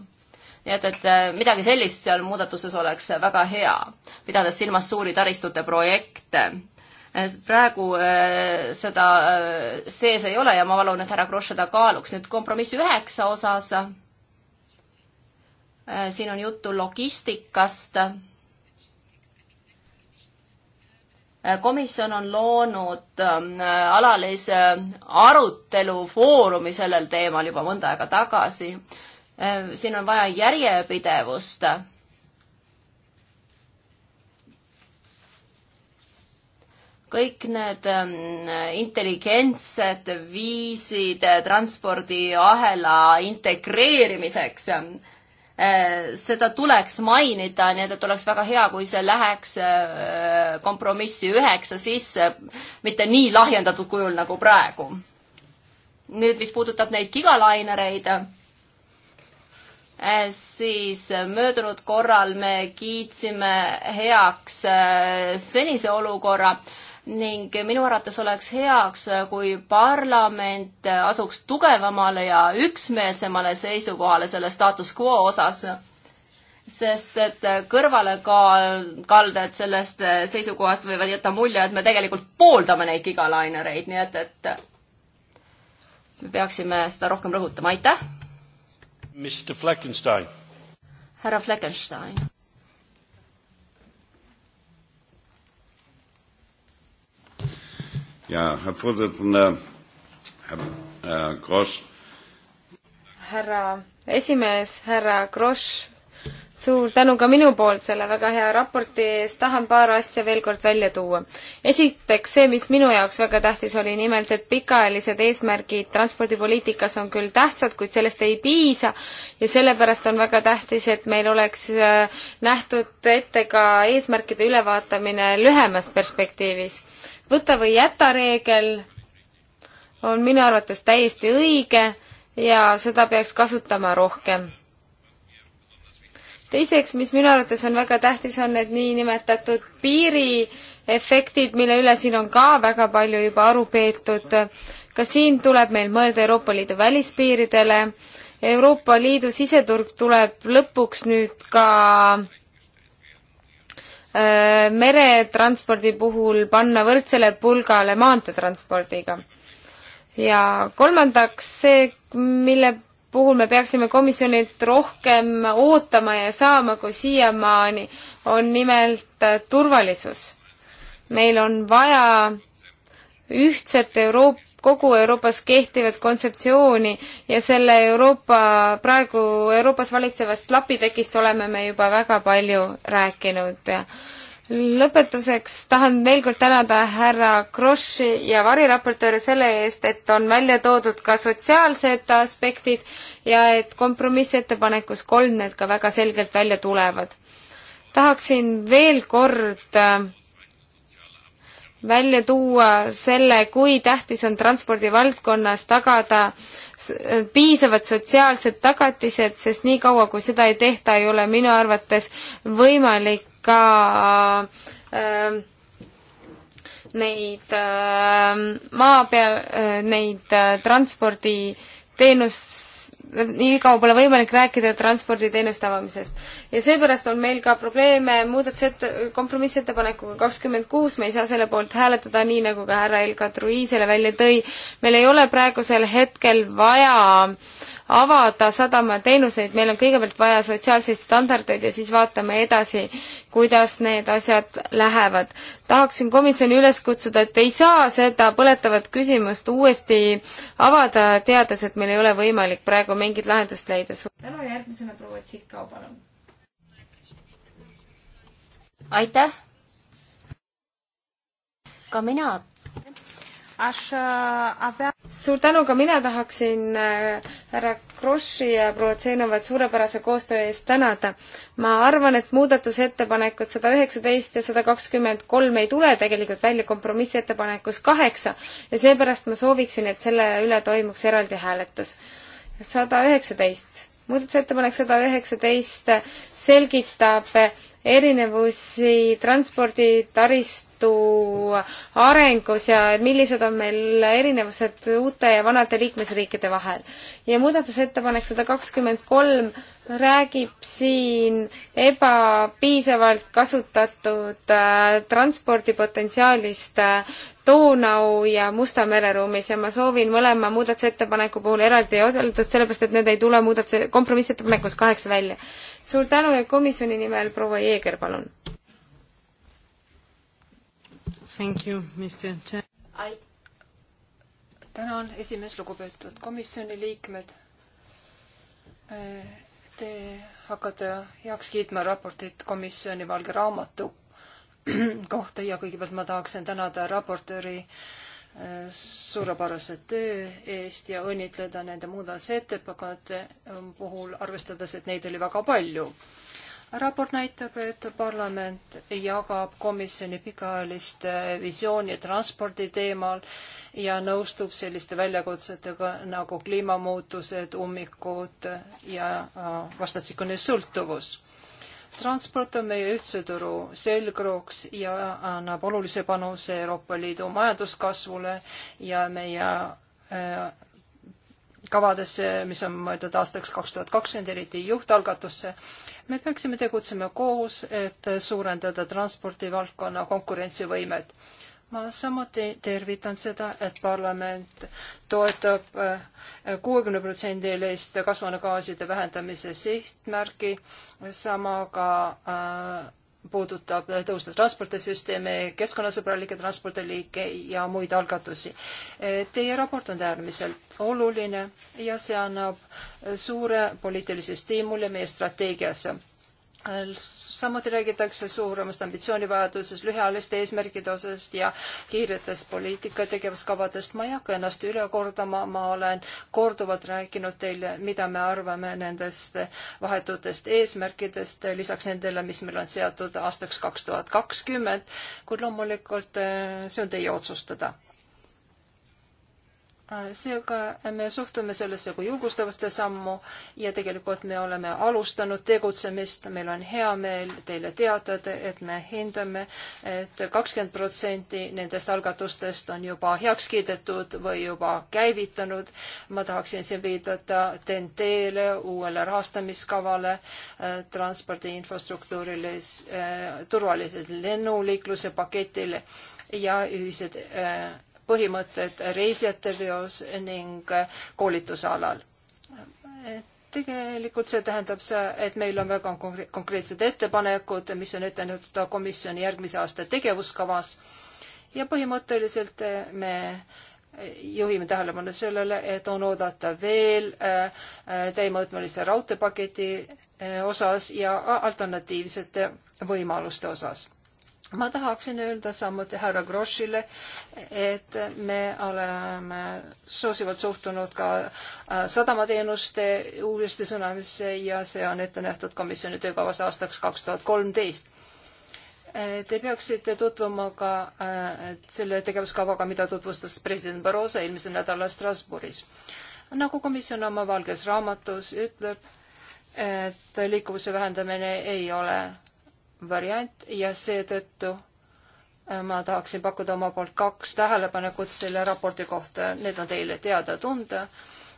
nii et, et midagi sellist seal muudatuses oleks väga hea, pidades silmas suuri taristute projekte Eh, praegu eh, seda eh, sees ei ole ja ma palun, et härra Kross seda kaaluks. nüüd kompromiss üheksa osas. siin on juttu logistikast. komisjon on loonud alalise arutelufoorumi sellel teemal juba mõnda aega tagasi. siin on vaja järjepidevust kõik need ähm, intelligentsed viisid äh, transpordiahela integreerimiseks, ähm, äh, seda tuleks mainida, nii et, et oleks väga hea, kui see läheks äh, kompromissi üheksa sisse, mitte nii lahjendatud kujul nagu praegu. nüüd, mis puudutab neid gigalainereid siis möödunud korral me kiitsime heaks senise olukorra, ning minu arvates oleks heaks, kui parlament asuks tugevamale ja üksmeelsemale seisukohale selle status quo osas sest et kõrvalekalded sellest seisukohast võivad jätta mulje, et me tegelikult pooldame neid gigalainereid, nii et, et me peaksime seda rohkem rõhutama, aitäh! härra Fleckenstein. ja, härra Vorsitzende, härra äh, Grosch. härra esimees, härra Grosch suur tänu ka minu poolt selle väga hea raporti eest, tahan paar asja veel kord välja tuua. esiteks see, mis minu jaoks väga tähtis oli, nimelt et pikaajalised eesmärgid transpordipoliitikas on küll tähtsad, kuid sellest ei piisa ja sellepärast on väga tähtis, et meil oleks äh, nähtud ette ka eesmärkide ülevaatamine lühemas perspektiivis. võta või jäta reegel on minu arvates täiesti õige ja seda peaks kasutama rohkem teiseks, mis minu arvates on väga tähtis, on need niinimetatud piiriefektid, mille üle siin on ka väga palju juba aru peetud. ka siin tuleb meil mõelda Euroopa Liidu välispiiridele. Euroopa Liidu siseturg tuleb lõpuks nüüd ka äh, meretranspordi puhul panna võrdsele pulgale maanteetranspordiga. ja kolmandaks see, mille puhul me peaksime komisjonilt rohkem ootama ja saama, kui siiamaani on nimelt äh, turvalisus. meil on vaja ühtset Euroopa kogu Euroopas kehtivat kontseptsiooni ja selle Euroopa, praegu Euroopas valitsevast lapitekist oleme me juba väga palju rääkinud ja äh, lõpetuseks tahan veel kord tänada härra Kroshi ja variraportööre selle eest, et on välja toodud ka sotsiaalsed aspektid ja et kompromissettepanekus kolm need ka väga selgelt välja tulevad. tahaksin veel kord äh, välja tuua selle, kui tähtis on transpordivaldkonnas tagada piisavad sotsiaalsed tagatised, sest niikaua, kui seda ei tehta, ei ole minu arvates võimalik ka äh, neid äh, maa peal äh,, neid äh, transporditeenus nii kaua pole võimalik rääkida transporditeenuste avamisest. ja seepärast on meil ka probleeme muudatusette-, kompromissettepanekuga kakskümmend kuus, me ei saa selle poolt hääletada, nii nagu ka härra Elka Trui selle välja tõi. meil ei ole praegusel hetkel vaja äh, avada sadamateenuseid, meil on kõigepealt vaja sotsiaalseid standardeid ja siis vaatame edasi, kuidas need asjad lähevad. tahaksin komisjoni üles kutsuda, et ei saa seda põletavat küsimust uuesti avada, teades, et meil ei ole võimalik praegu mingit lahendust leida. tänu, järgmisena proua Tsikau, palun. aitäh! ka mina aș uh, avea... suur tänu ka mina tahaksin äh, härra Kroši ja proua Tsenovat suurepärase koostöö eest tänada. ma arvan, et muudatusettepanekud sada üheksateist ja sada kakskümmend kolm ei tule tegelikult välja kompromissettepanekus kaheksa ja seepärast ma sooviksin, et selle üle toimuks eraldi hääletus. sada üheksateist, muudatusettepanek sada üheksateist selgitab erinevusi transporditaristu Liidu arengus ja millised on meil erinevused uute ja vanade liikmesriikide vahel. ja muudatusettepanek sada kakskümmend kolm räägib siin ebapiisavalt kasutatud äh, transpordipotentsiaalist äh, Donau ja Musta mere ruumis ja ma soovin mõlema muudatusettepaneku puhul eraldi osaldust, sellepärast et need ei tule muudatuse, kompromissettepanekus kaheksa välja. suur tänu ja komisjoni nimel proua Jeeger, palun! Thank you, Mr. Chair. tänan, esimees, lugupeetud komisjoni liikmed. Te hakkate heaks kiitma raportit komisjoni valge raamatu [clears throat] kohta ja kõigepealt ma tahaksin tänada raportööri äh, suurepärase töö eest ja õnnitleda nende muudatusettepanekute puhul, arvestades, et neid oli väga palju raport näitab, et parlament jagab komisjoni pikaajalist eh, visiooni transpordi teemal ja nõustub selliste väljakutsetega nagu kliimamuutused, ummikud ja eh, vastastikune sõltuvus. transport on meie ühtse turu selgrooks ja annab olulise panuse Euroopa Liidu majanduskasvule ja meie eh, kavadesse, mis on mõeldud aastaks kaks tuhat kakskümmend, eriti juhtalgatusse me peaksime tegutsema koos, et suurendada transpordivaldkonna konkurentsivõimet. ma samuti tervitan seda, et parlament toetab äh, kuuekümneprotsendilist kasvuhoonegaaside vähendamise sihtmärki, sama ka äh, puudutab tõhustat transpordisüsteemi, keskkonnasõbralikke transpordiliike ja muid algatusi. Teie raport on äärmiselt oluline ja see annab suure poliitilise stiimuli meie strateegiasse samuti räägitakse suuremast ambitsioonivajadusest, lühiajaliste eesmärgide osas ja kiiretest poliitika tegevuskavadest. ma ei hakka ennast üle kordama, ma olen korduvalt rääkinud teile, mida me arvame nendest vahetutest eesmärkidest, lisaks nendele, mis meil on seatud aastaks kaks tuhat kakskümmend, kuid loomulikult eh, see on teie otsustada Äh, seega me suhtume sellesse kui julgustavaste sammu ja tegelikult me oleme alustanud tegutsemist, meil on hea meel teile teatada, et me hindame et, et kakskümmend protsenti nendest algatustest on juba heaks kiidetud või juba käivitanud. ma tahaksin siin viidata TNT-le, uuele rahastamiskavale, äh, transpordi infrastruktuurile, äh, turvalisele lennuliikluse paketile ja ühised äh, põhimõtted reisijate veos ning koolituse alal. tegelikult see tähendab see, et meil on väga konkreetsed ettepanekud, mis on ette nähtud komisjoni järgmise aasta tegevuskavas ja põhimõtteliselt eh, me juhime tähelepanu sellele, et on oodata veel eh, eh, täimõõtmelise raudteepaketi osas ja alternatiivsete võimaluste osas ma tahaksin öelda samuti härra Grossile, et me oleme soosivalt suhtunud ka äh, sadamateenuste uudiste sõnamisse ja see on ette nähtud komisjoni töökavas aastaks kaks tuhat kolmteist. Äh, te peaksite tutvuma ka äh, selle tegevuskavaga, mida tutvustas president Barroso eelmisel nädalal Strasbourgis. nagu komisjon oma valges raamatus ütleb, et liikuvuse vähendamine ei ole variant ja seetõttu äh, ma tahaksin pakkuda oma poolt kaks tähelepanekut selle raporti kohta, need on teile teada-tunda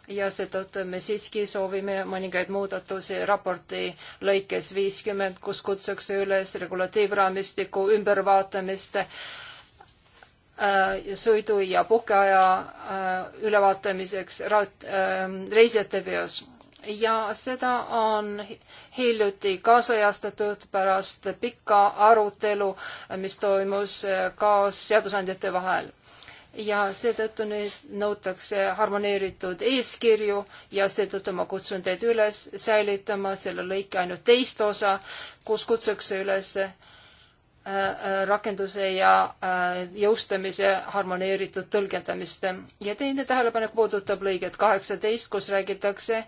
ja seetõttu me siiski soovime mõningaid muudatusi raporti lõikes viiskümmend, kus kutsutakse üles regulatiivraamistiku ümbervaatamist äh, sõidu- ja puhkeaja äh, ülevaatamiseks raat- äh,, reisijate veos ja seda on hiljuti kaasajastatud pärast pikka arutelu, mis toimus äh, kaasseadusandjate vahel. ja seetõttu nüüd nõutakse harmoneeritud eeskirju ja seetõttu ma kutsun teid üles säilitama selle lõike ainult teist osa, kus kutsutakse üles rakenduse ja äh, jõustamise harmoneeritud tõlgendamist. ja teine tähelepanek puudutab lõiget kaheksateist, kus räägitakse äh,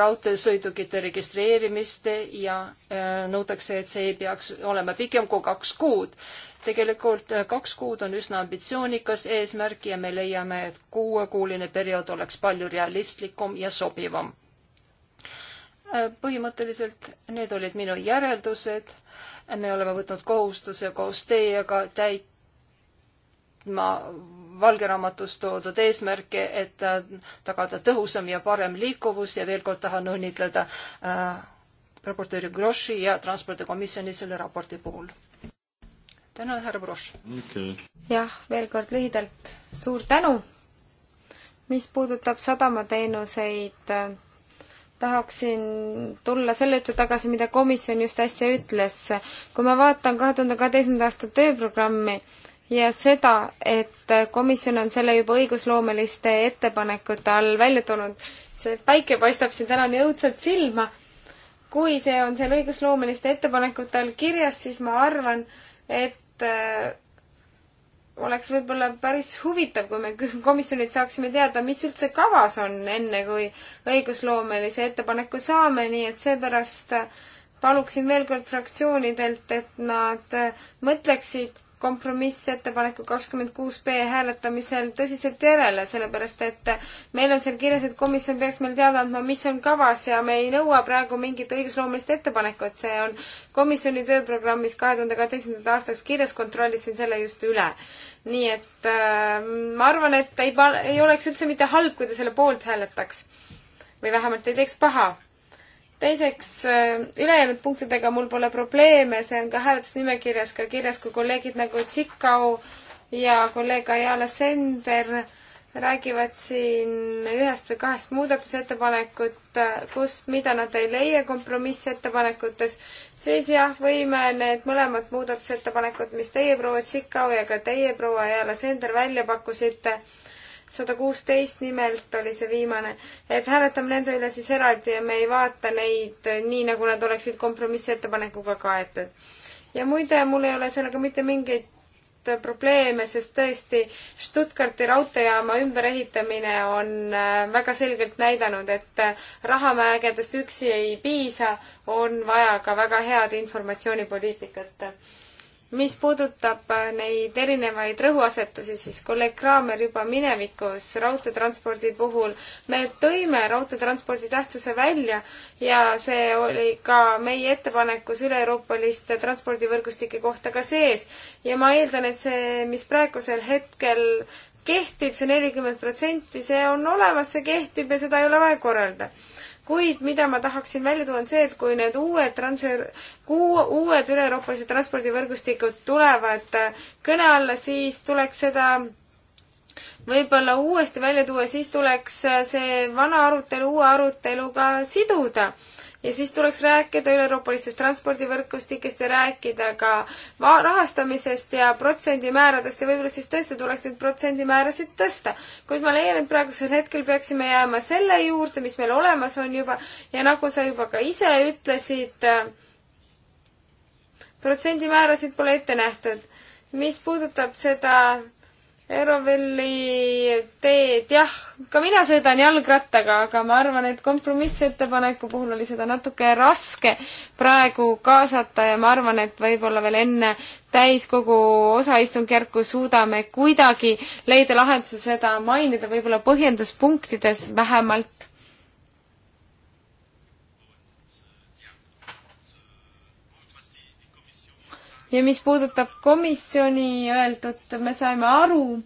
raudteesõidukite registreerimist ja äh, nõutakse, et see ei peaks olema pikem kui kaks kuud. tegelikult kaks kuud on üsna ambitsioonikas eesmärk ja me leiame, et kuuekuuline periood oleks palju realistlikum ja sobivam. põhimõtteliselt need olid minu järeldused me oleme võtnud kohustuse koos teiega täitma valgeraamatus toodud eesmärke, et äh, tagada tõhusam ja parem liikuvus ja veel kord tahan õnnitleda äh, raportööri Grossi ja transpordikomisjoni selle raporti puhul. tänan, härra Gross okay.! jah, veel kord lühidalt suur tänu! mis puudutab sadamateenuseid, tahaksin tulla selle juurde tagasi, mida komisjon just äsja ütles. kui ma vaatan kahe tuhande kaheteistkümnenda aasta tööprogrammi ja seda, et komisjon on selle juba õigusloomeliste ettepanekute all välja toonud, see päike paistab siin täna nii õudselt silma. kui see on seal õigusloomeliste ettepanekute all kirjas, siis ma arvan, et oleks võib-olla päris huvitav, kui me komisjonilt saaksime teada, mis üldse kavas on, enne kui õigusloomelise ettepaneku saame, nii et seepärast paluksin veel kord fraktsioonidelt, et nad mõtleksid kompromissettepaneku kakskümmend kuus B hääletamisel tõsiselt järele, sellepärast et meil on seal kirjas, et komisjon peaks meile teada andma, mis on kavas ja me ei nõua praegu mingit õigusloomulist ettepanekut, see on komisjoni tööprogrammis kahe tuhande kaheteistkümnendaks aastaks kirjas, kontrollisin selle just üle. nii et äh, ma arvan, et ei, ei oleks üldse mitte halb, kui ta selle poolt hääletaks. või vähemalt ei teeks paha teiseks, äh, ülejäänud punktidega mul pole probleeme, see on ka hääletusnimekirjas ka kirjas, kui kolleegid nagu Tsikau ja kolleeg Ayala Sender räägivad siin ühest või kahest muudatusettepanekut, äh, kust, mida nad ei leia kompromissettepanekutes, siis jah, võime need mõlemad muudatusettepanekud, mis teie, proua Tsikau ja ka teie, proua Ayala Sender välja pakkusite, sada kuusteist nimelt oli see viimane, et hääletame nende üle siis eraldi ja me ei vaata neid nii, nagu nad oleksid kompromissettepanekuga kaetud. ja muide, mul ei ole sellega mitte mingeid probleeme, sest tõesti Stuttgarti raudteejaama ümberehitamine on äh, väga selgelt näidanud, et äh, rahamägedest üksi ei piisa, on vaja ka väga head informatsioonipoliitikat mis puudutab äh, neid erinevaid rõhuasetusi, siis kolleeg Kraamer juba minevikus raudteetranspordi puhul, me tõime raudteetranspordi tähtsuse välja ja see oli ka meie ettepanekus üle-euroopaliste transpordivõrgustike kohta ka sees. ja ma eeldan, et see, mis praegusel hetkel kehtib see, see nelikümmend protsenti, see on olemas, see kehtib ja seda ei ole vaja korralda kuid mida ma tahaksin välja tuua, on see, et kui need uued transer-, uued üle-euroopalised transpordivõrgustikud tulevad äh, kõne alla, siis tuleks seda võib-olla uuesti välja tuua, siis tuleks äh, see vana arutelu uue aruteluga siduda ja siis tuleks rääkida üle-euroopalistest transpordivõrgustikest ja rääkida ka rahastamisest ja protsendimääradest ja võib-olla siis tõesti tuleks neid protsendimäärasid tõsta. kuid ma leian, et praegusel hetkel peaksime jääma selle juurde, mis meil olemas on juba ja nagu sa juba ka ise ütlesid, protsendimäärasid pole ette nähtud. mis puudutab seda Eurovilli teed, jah, ka mina sõidan jalgrattaga, aga ma arvan, et kompromissettepaneku puhul oli seda natuke raske praegu kaasata ja ma arvan, et võib-olla veel enne täiskogu osaistungjärku suudame kuidagi leida lahenduse seda mainida võib-olla põhjenduspunktides vähemalt ja mis puudutab komisjoni öeldut, me saime aru,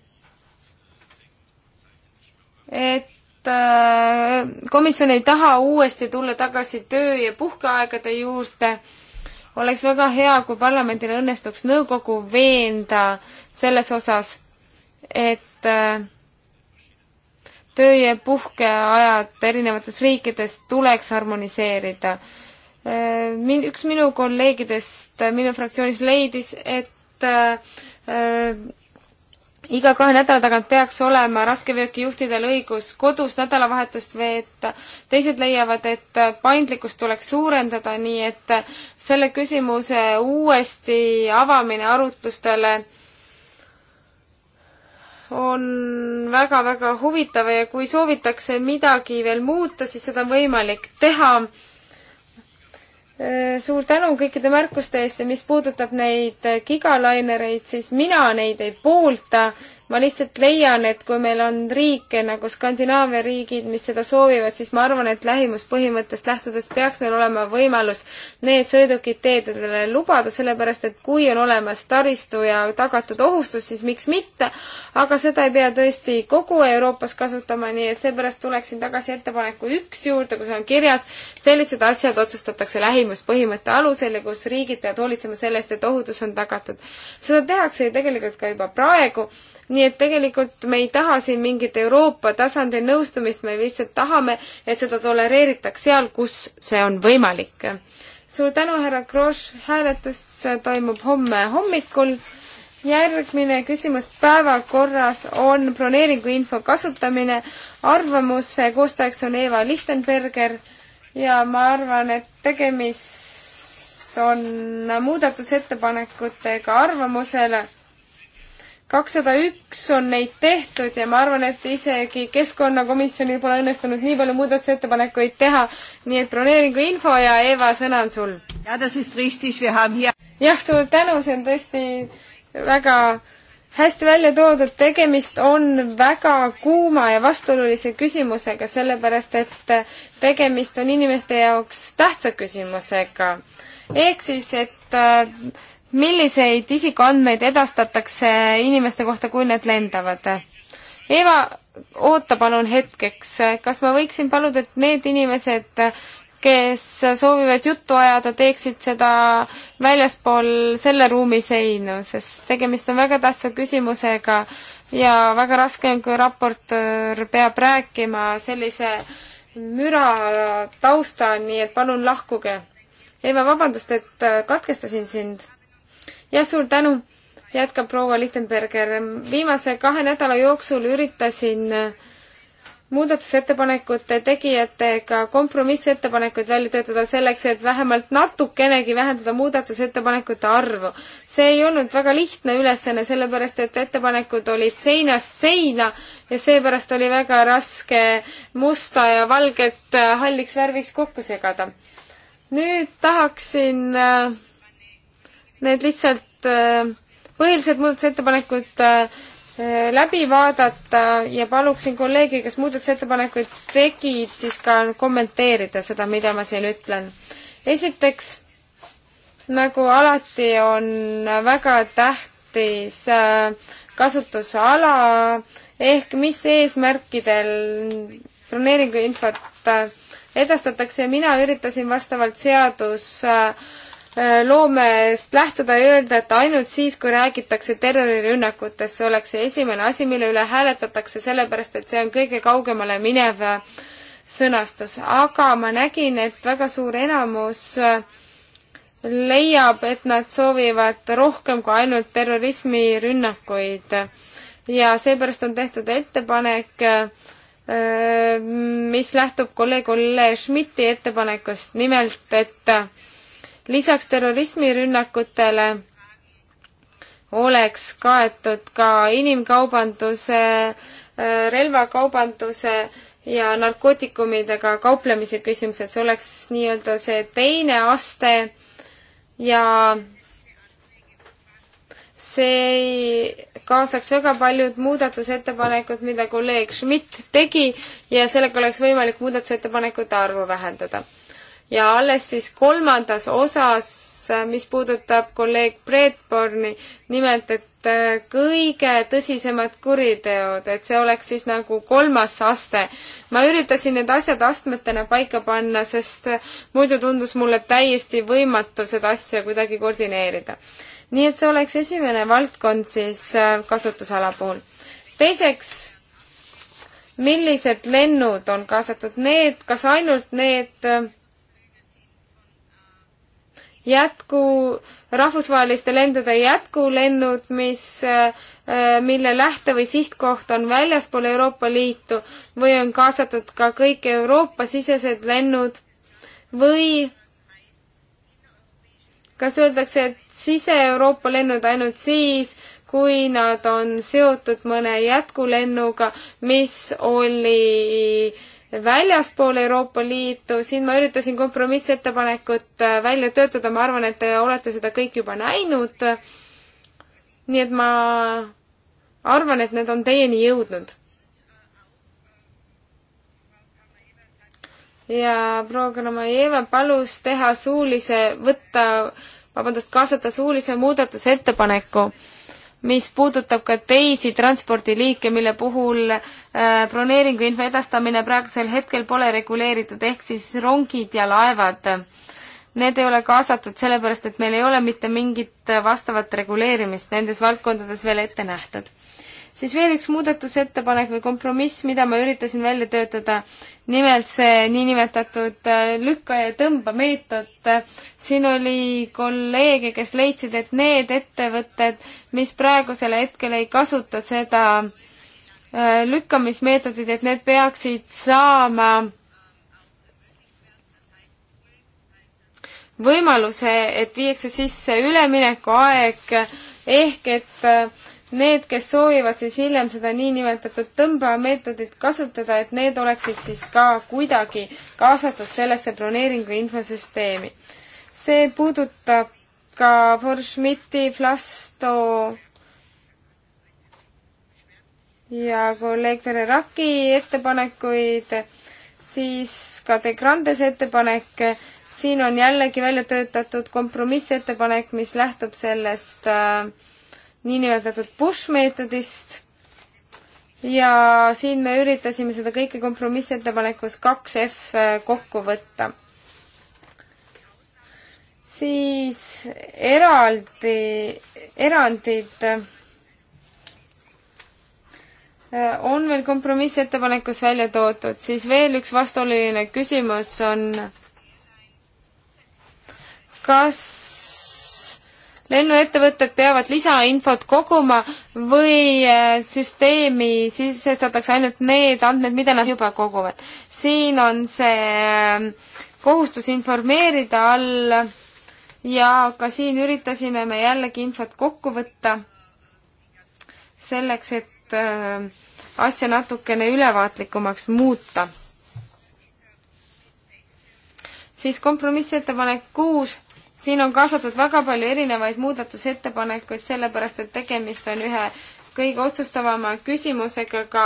et äh, komisjon ei taha uuesti tulla tagasi töö- ja puhkeaegade juurde. oleks väga hea, kui parlamendil õnnestuks nõukogu veenda selles osas, et äh, töö- ja puhkeajad erinevates riikides tuleks harmoniseerida Äh, min-, üks minu kolleegidest äh, minu fraktsioonis leidis, et äh, äh, iga kahe nädala tagant peaks olema raskeveokijuhtidel õigus kodus nädalavahetust veeta. teised leiavad, et paindlikkust tuleks suurendada, nii et selle küsimuse uuesti avamine arutlustele on väga-väga huvitav ja kui soovitakse midagi veel muuta, siis seda on võimalik teha Äh, suur tänu kõikide märkuste eest ja mis puudutab neid äh, gigalainereid, siis mina neid ei poolda ma lihtsalt leian, et kui meil on riike nagu Skandinaavia riigid, mis seda soovivad, siis ma arvan, et lähimuspõhimõttest lähtudes peaks neil olema võimalus need sõidukid teedele lubada, sellepärast et kui on olemas taristu ja tagatud ohustus, siis miks mitte, aga seda ei pea tõesti kogu Euroopas kasutama, nii et seepärast tuleksin tagasi ettepaneku üks juurde, kus on kirjas, sellised asjad otsustatakse lähimuspõhimõtte alusel ja kus riigid peavad hoolitsema selle eest, et ohutus on tagatud. seda tehakse ju tegelikult ka juba praegu, nii et tegelikult me ei taha siin mingit Euroopa tasandi nõustumist, me lihtsalt tahame, et seda tolereeritaks seal, kus see on võimalik. suur tänu, härra Kross, hääletus toimub homme hommikul. järgmine küsimus päevakorras on broneeringuinfo kasutamine. arvamuse koostajaks on Eva Lichtenberger ja ma arvan, et tegemist on muudatusettepanekutega arvamusele kakssada üks on neid tehtud ja ma arvan, et isegi keskkonnakomisjonil pole õnnestunud nii palju muudatusettepanekuid teha. nii et broneeringu info ja Eva, sõna on sul. jah, suur tänu, see on tõesti väga hästi välja toodud, tegemist on väga kuuma ja vastuolulise küsimusega, sellepärast et tegemist on inimeste jaoks tähtsa küsimusega. ehk siis, et äh, milliseid isikuandmeid edastatakse inimeste kohta, kui need lendavad? Eva, oota palun hetkeks, kas ma võiksin paluda, et need inimesed, kes soovivad juttu ajada, teeksid seda väljaspool selle ruumi seinu, sest tegemist on väga tähtsa küsimusega ja väga raske on, kui raportöör peab rääkima sellise müra tausta, nii et palun lahkuge. Eva, vabandust, et katkestasin sind jah, suur tänu, jätkab proua Lichtenberger. viimase kahe nädala jooksul üritasin äh, muudatusettepanekute tegijatega kompromissettepanekuid välja töötada selleks, et vähemalt natukenegi vähendada muudatusettepanekute arvu. see ei olnud väga lihtne ülesanne, sellepärast et ettepanekud olid seinast seina ja seepärast oli väga raske musta ja valget äh, halliks värviks kokku segada. nüüd tahaksin äh, need lihtsalt äh, põhilised muudatusettepanekud äh, läbi vaadata ja paluksin kolleegi, kes muudatusettepanekuid tegid, siis ka kommenteerida seda, mida ma siin ütlen. esiteks, nagu alati on väga tähtis äh, kasutusala ehk mis eesmärkidel broneeringuinfot edastatakse, mina üritasin vastavalt seadus äh, Äh, loomest lähtuda ja öelda, et ainult siis, kui räägitakse terrorirünnakutest, see oleks see esimene asi, mille üle hääletatakse, sellepärast et see on kõige kaugemale minev äh, sõnastus. aga ma nägin, et väga suur enamus äh, leiab, et nad soovivad rohkem kui ainult terrorismirünnakuid. ja seepärast on tehtud ettepanek, mis lähtub kolleeg Olle Schmidti ettepanekust, nimelt et lisaks terrorismirünnakutele oleks kaetud ka inimkaubanduse, äh, relvakaubanduse ja narkootikumidega kauplemise küsimused, see oleks nii-öelda see teine aste ja see kaasaks väga paljud muudatusettepanekud, mida kolleeg Schmidt tegi ja sellega oleks võimalik muudatusettepanekute arvu vähendada ja alles siis kolmandas osas, mis puudutab kolleeg Bredborni, nimelt et äh, kõige tõsisemad kuriteod, et see oleks siis nagu kolmas aste. ma üritasin need asjad astmetena paika panna, sest äh, muidu tundus mulle täiesti võimatu seda asja kuidagi koordineerida. nii et see oleks esimene valdkond siis äh, kasutusala puhul. teiseks millised lennud on kaasatud, need, kas ainult need jätku, rahvusvaheliste lendude jätkulennud, mis, äh, mille lähte- või sihtkoht on väljaspool Euroopa Liitu või on kaasatud ka kõik Euroopa-sisesed lennud või kas öeldakse, et sise-Euroopa lennud ainult siis, kui nad on seotud mõne jätkulennuga, mis oli äh, väljaspool Euroopa Liitu, siin ma üritasin kompromissettepanekut äh, välja töötada, ma arvan, et te olete seda kõik juba näinud. nii et ma arvan, et need on teieni jõudnud. ja programmeeriva palus teha suulise, võtta, vabandust, kaasata suulise muudatusettepaneku mis puudutab ka teisi transpordiliike, mille puhul äh, broneeringu info edastamine praegusel hetkel pole reguleeritud, ehk siis rongid ja laevad. Need ei ole kaasatud sellepärast, et meil ei ole mitte mingit vastavat reguleerimist nendes valdkondades veel ette nähtud siis veel üks muudatusettepanek või kompromiss, mida ma üritasin välja töötada, nimelt see niinimetatud äh, lükka ja tõmba meetod. siin oli kolleege, kes leidsid, et need ettevõtted, mis praegusel hetkel ei kasuta seda äh, lükkamismeetodit, et need peaksid saama võimaluse, et viiakse sisse üleminekuaeg ehk et äh, need, kes soovivad siis hiljem seda niinimetatud tõmbemeetodit kasutada, et need oleksid siis ka kuidagi kaasatud sellesse broneeringu infosüsteemi. see puudutab ka Forschmidti, Flasto ja kolleeg Ferreraki ettepanekuid, siis ka De Grandes ettepanek, siin on jällegi välja töötatud kompromissettepanek, mis lähtub sellest äh, niinimetatud Bush meetodist ja siin me üritasime seda kõike kompromissettepanekus kaks F äh, kokku võtta. siis eraldi, erandid äh, on veel kompromissettepanekus välja toodud, siis veel üks vastuoluline küsimus on, kas lennuettevõtted peavad lisainfot koguma või äh, süsteemi sisestatakse ainult need andmed, mida nad juba koguvad. siin on see ähm, kohustus informeerida all ja ka siin üritasime me jällegi infot kokku võtta selleks, et äh, asja natukene ülevaatlikumaks muuta. siis kompromissettepanek kuus siin on kaasatud väga palju erinevaid muudatusettepanekuid, sellepärast et tegemist on ühe kõige otsustavama küsimusega ka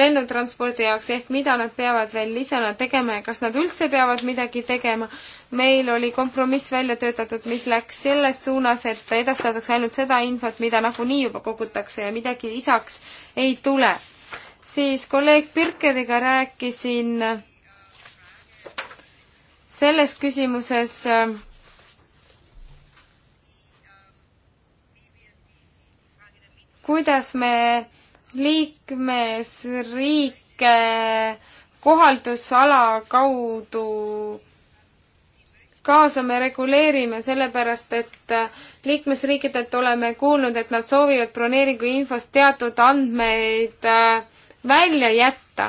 lennutranspordi jaoks, ehk mida nad peavad veel lisana tegema ja kas nad üldse peavad midagi tegema. meil oli kompromiss välja töötatud, mis läks selles suunas, et edastatakse ainult seda infot, mida nagunii juba kogutakse ja midagi lisaks ei tule. siis kolleeg Birkeriga rääkisin selles küsimuses äh, kuidas me liikmesriike kohaldusala kaudu kaasame, reguleerime, sellepärast et liikmesriikidelt oleme kuulnud, et nad soovivad broneeringu infost teatud andmeid äh, välja jätta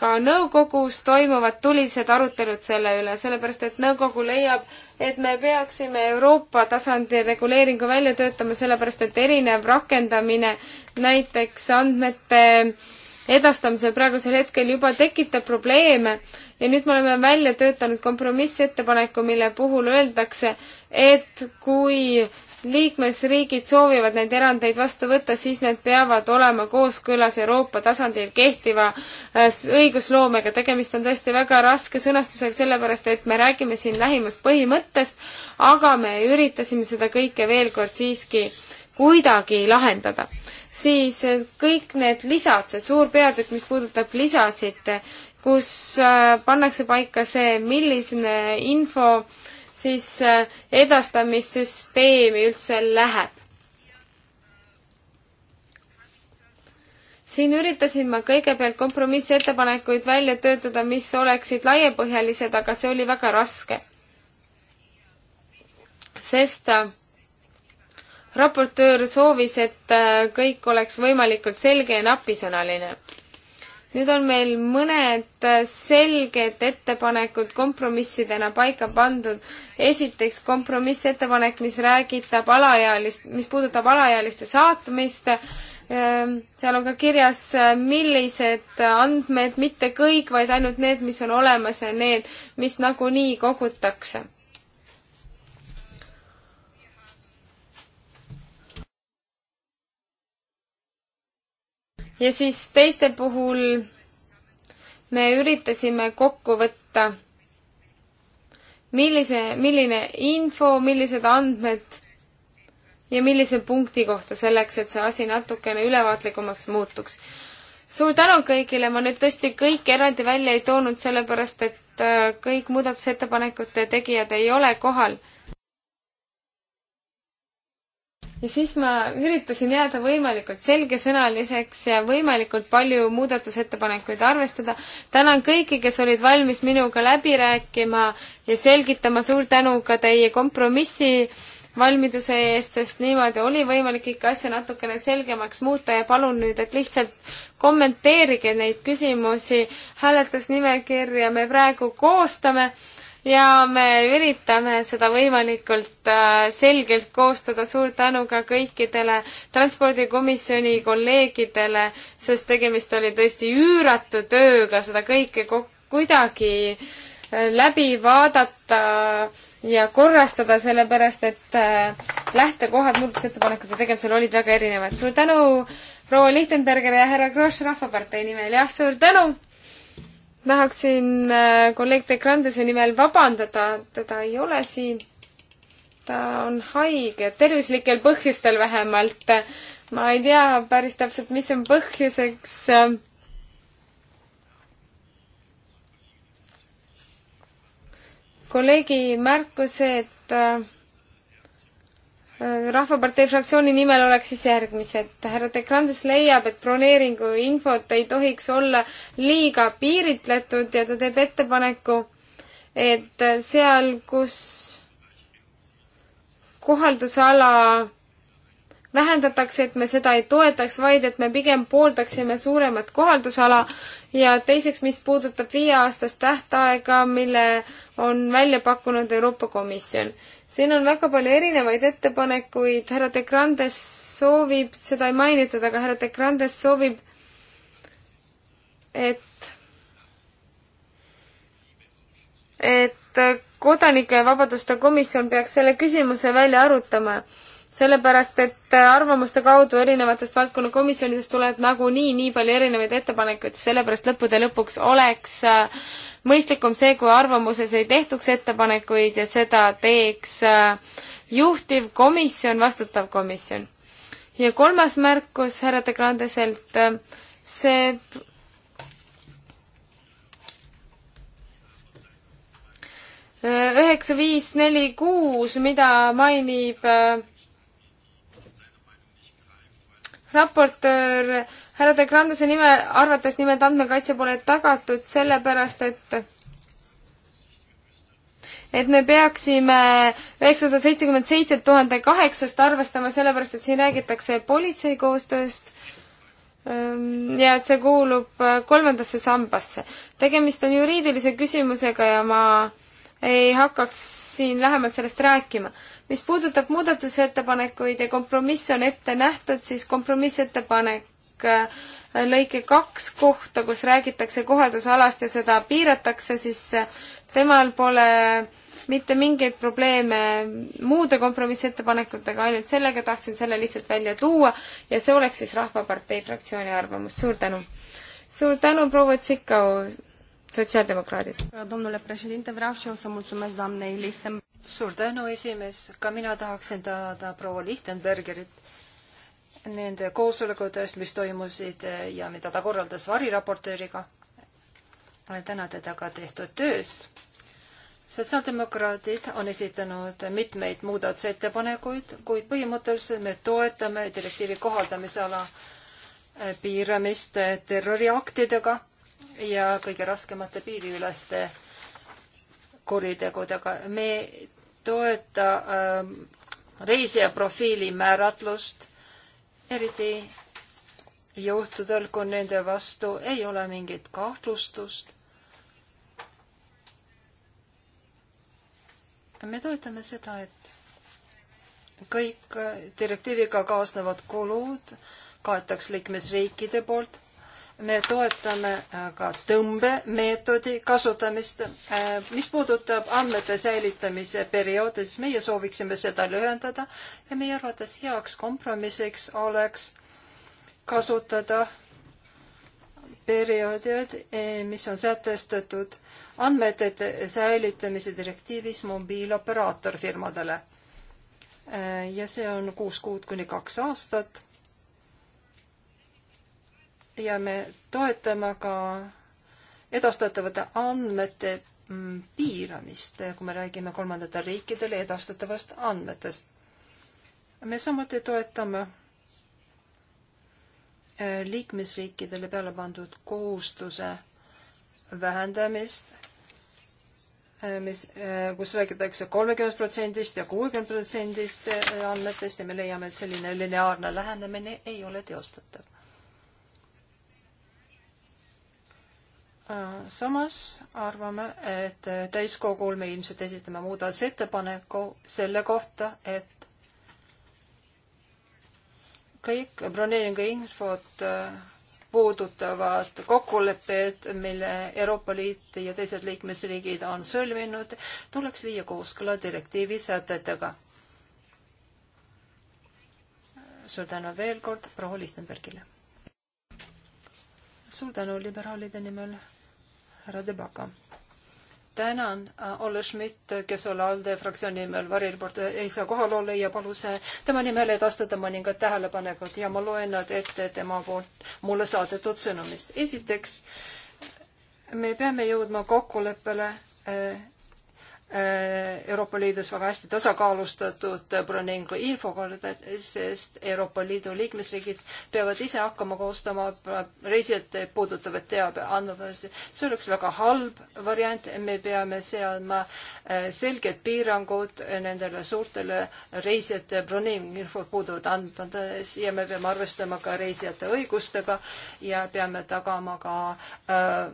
ka nõukogus toimuvad tulised arutelud selle üle, sellepärast et nõukogu leiab, et me peaksime Euroopa tasandi reguleeringu välja töötama, sellepärast et erinev rakendamine näiteks andmete edastamisel praegusel hetkel juba tekitab probleeme ja nüüd me oleme välja töötanud kompromissettepaneku, mille puhul öeldakse, et kui liikmesriigid soovivad neid erandeid vastu võtta, siis need peavad olema kooskõlas Euroopa tasandil kehtiva äh, õigusloomega. tegemist on tõesti väga raske sõnastusega, sellepärast et me räägime siin lähimuspõhimõttest, aga me üritasime seda kõike veel kord siiski kuidagi lahendada. siis äh, kõik need lisad, see suur peatükk, mis puudutab lisasid, kus äh, pannakse paika see, milline info äh, siis äh, edastamissüsteemi üldse läheb. siin üritasin ma kõigepealt kompromissettepanekuid välja töötada, mis oleksid laiapõhjalised, aga see oli väga raske. sest äh, raportöör soovis, et äh, kõik oleks võimalikult selge ja napisõnaline nüüd on meil mõned äh, selged ettepanekud kompromissidena paika pandud. esiteks kompromissettepanek, mis räägitab alaealist, mis puudutab alaealiste saatmist. Ähm, seal on ka kirjas, äh, millised andmed, mitte kõik, vaid ainult need, mis on olemas ja need, mis nagunii kogutakse ja siis teiste puhul me üritasime kokku võtta, millise, milline info, millised andmed ja millise punkti kohta selleks, et see asi natukene ülevaatlikumaks muutuks. suur tänu kõigile, ma nüüd tõesti kõiki eraldi välja ei toonud, sellepärast et äh, kõik muudatusettepanekute tegijad ei ole kohal ja siis ma üritasin jääda võimalikult selgesõnaliseks ja võimalikult palju muudatusettepanekuid arvestada. tänan kõiki, kes olid valmis minuga läbi rääkima ja selgitama, suur tänu ka teie kompromissi valmiduse eest, sest niimoodi oli võimalik ikka asja natukene selgemaks muuta ja palun nüüd, et lihtsalt kommenteerige neid küsimusi hääletusnimekirja me praegu koostame ja me üritame seda võimalikult äh, selgelt koostada. suur tänu ka kõikidele transpordikomisjoni kolleegidele, sest tegemist oli tõesti üüratu tööga seda kõike kuidagi äh, läbi vaadata ja korrastada, sellepärast et äh, lähtekohad muudatusettepanekute tegemisel olid väga erinevad. suur tänu, proua Lichtenberger ja härra Kross Rahvapartei nimel, jah, suur tänu! tahaksin äh, kolleeg De Grandese nimel vabandada, teda ei ole siin. ta on haige, tervislikel põhjustel vähemalt. ma ei tea päris täpselt, mis on põhjuseks. kolleegi märkus, et äh, rahvapartei fraktsiooni nimel oleks siis järgmised. härra De Grandes leiab, et broneeringu infot ei tohiks olla liiga piiritletud ja ta teeb ettepaneku, et seal, kus kohaldusala vähendatakse, et me seda ei toetaks, vaid et me pigem pooldaksime suuremat kohaldusala ja teiseks, mis puudutab viieaastast tähtaega, mille on välja pakkunud Euroopa Komisjon siin on väga palju erinevaid ettepanekuid, härra De Grandes soovib, seda ei mainitud, aga härra De Grandes soovib, et, et kodanike ja vabaduste komisjon peaks selle küsimuse välja arutama. sellepärast, et arvamuste kaudu erinevatest valdkonnakomisjonidest tuleb nagunii nii palju erinevaid ettepanekuid, sellepärast lõppude lõpuks oleks äh, mõistlikum see, kui arvamuses ei tehtuks ettepanekuid ja seda teeks äh, juhtivkomisjon, vastutav komisjon. ja kolmas märkus härra De Grandeselt, äh, see üheksa, viis, neli, kuus, mida mainib äh, raportöör härra De Grandese nime, arvates nimelt andmekaitse pole tagatud sellepärast, et et me peaksime üheksasada seitsekümmend seitse tuhande kaheksast arvestama, sellepärast et siin räägitakse politsei koostööst ähm, ja et see kuulub kolmandasse sambasse. tegemist on juriidilise küsimusega ja ma äh, ei hakkaks siin lähemalt sellest rääkima. mis puudutab muudatusettepanekuid ja kompromiss on ette nähtud, siis kompromissettepanek äh, lõike kaks kohta, kus räägitakse kohaldusalast ja seda piiratakse, siis äh, temal pole mitte mingeid probleeme muude kompromissettepanekutega, ainult sellega tahtsin selle lihtsalt välja tuua ja see oleks siis Rahvapartei fraktsiooni arvamus, suur tänu! suur tänu, proua Tsikau! sotsiaaldemokraadid. suur tänu, esimees, ka mina tahaksin tänada proua Lichtenbergerit nende koosolekutest, mis toimusid eh, ja mida ta korraldas variraportööriga. tänan teda ka tehtud tööst. sotsiaaldemokraadid on esitanud mitmeid muudatusettepanekuid, kuid põhimõtteliselt me toetame direktiivi kohaldamise ala eh, piiramist eh, terroriaktidega ja kõige raskemate piiriüleste kuritegudega. me ei toeta äh, reisija profiili määratlust, eriti juhtudel, kui nende vastu ei ole mingit kahtlustust. me toetame seda, et kõik direktiiviga kaasnevad kulud kaetaks liikmesriikide poolt me toetame äh, ka tõmbemeetodi kasutamist. Äh, mis puudutab andmete säilitamise perioodi, siis meie sooviksime seda lühendada ja meie arvates heaks kompromissiks oleks kasutada perioodid, eh, mis on sätestatud andmete säilitamise direktiivis mobiiloperaatorirfirmadele. Äh, ja see on kuus kuud kuni kaks aastat ja me toetame ka edastatavate andmete mm, piiramist, kui me räägime kolmandatele riikidele edastatavast andmetest. me samuti toetame e, liikmesriikidele peale pandud kohustuse vähendamist, e, mis, e, kus räägitakse kolmekümnest protsendist ja kuuekümne protsendist andmetest ja me leiame, et selline lineaarne lähenemine ei ole teostatav Äh, samas arvame, et täiskogul me ilmselt esitame muudatusettepaneku selle kohta, et kõik broneeringu infot äh, puudutavad kokkulepped, mille Euroopa Liit ja teised liikmesriigid on sõlminud, tuleks viia kooskõla direktiivi sätetega. suur tänu veel kord proua Lichtenbergile. suur tänu liberaalide nimel härra Debaka. tänan, äh, Olle Schmidt, kes oli ALDE fraktsiooni nimel varireporter, äh, ei saa kohal olla ja palus äh, tema nimel edastada mõningad tähelepanekud ja ma loen nad ette tema poolt mulle saadetud sõnumist. esiteks, me peame jõudma kokkuleppele äh, Äh, Euroopa Liidus väga hästi tasakaalustatud broneeringu äh, infokordat, sest Euroopa Liidu liikmesriigid peavad ise hakkama koostama reisijate puudutavat teabe andmebaasi. see oleks väga halb variant, me peame seadma äh, selged piirangud nendele suurtele reisijate broneeringu info puuduvate andmetele ja me peame arvestama ka reisijate õigustega ja peame tagama ka äh,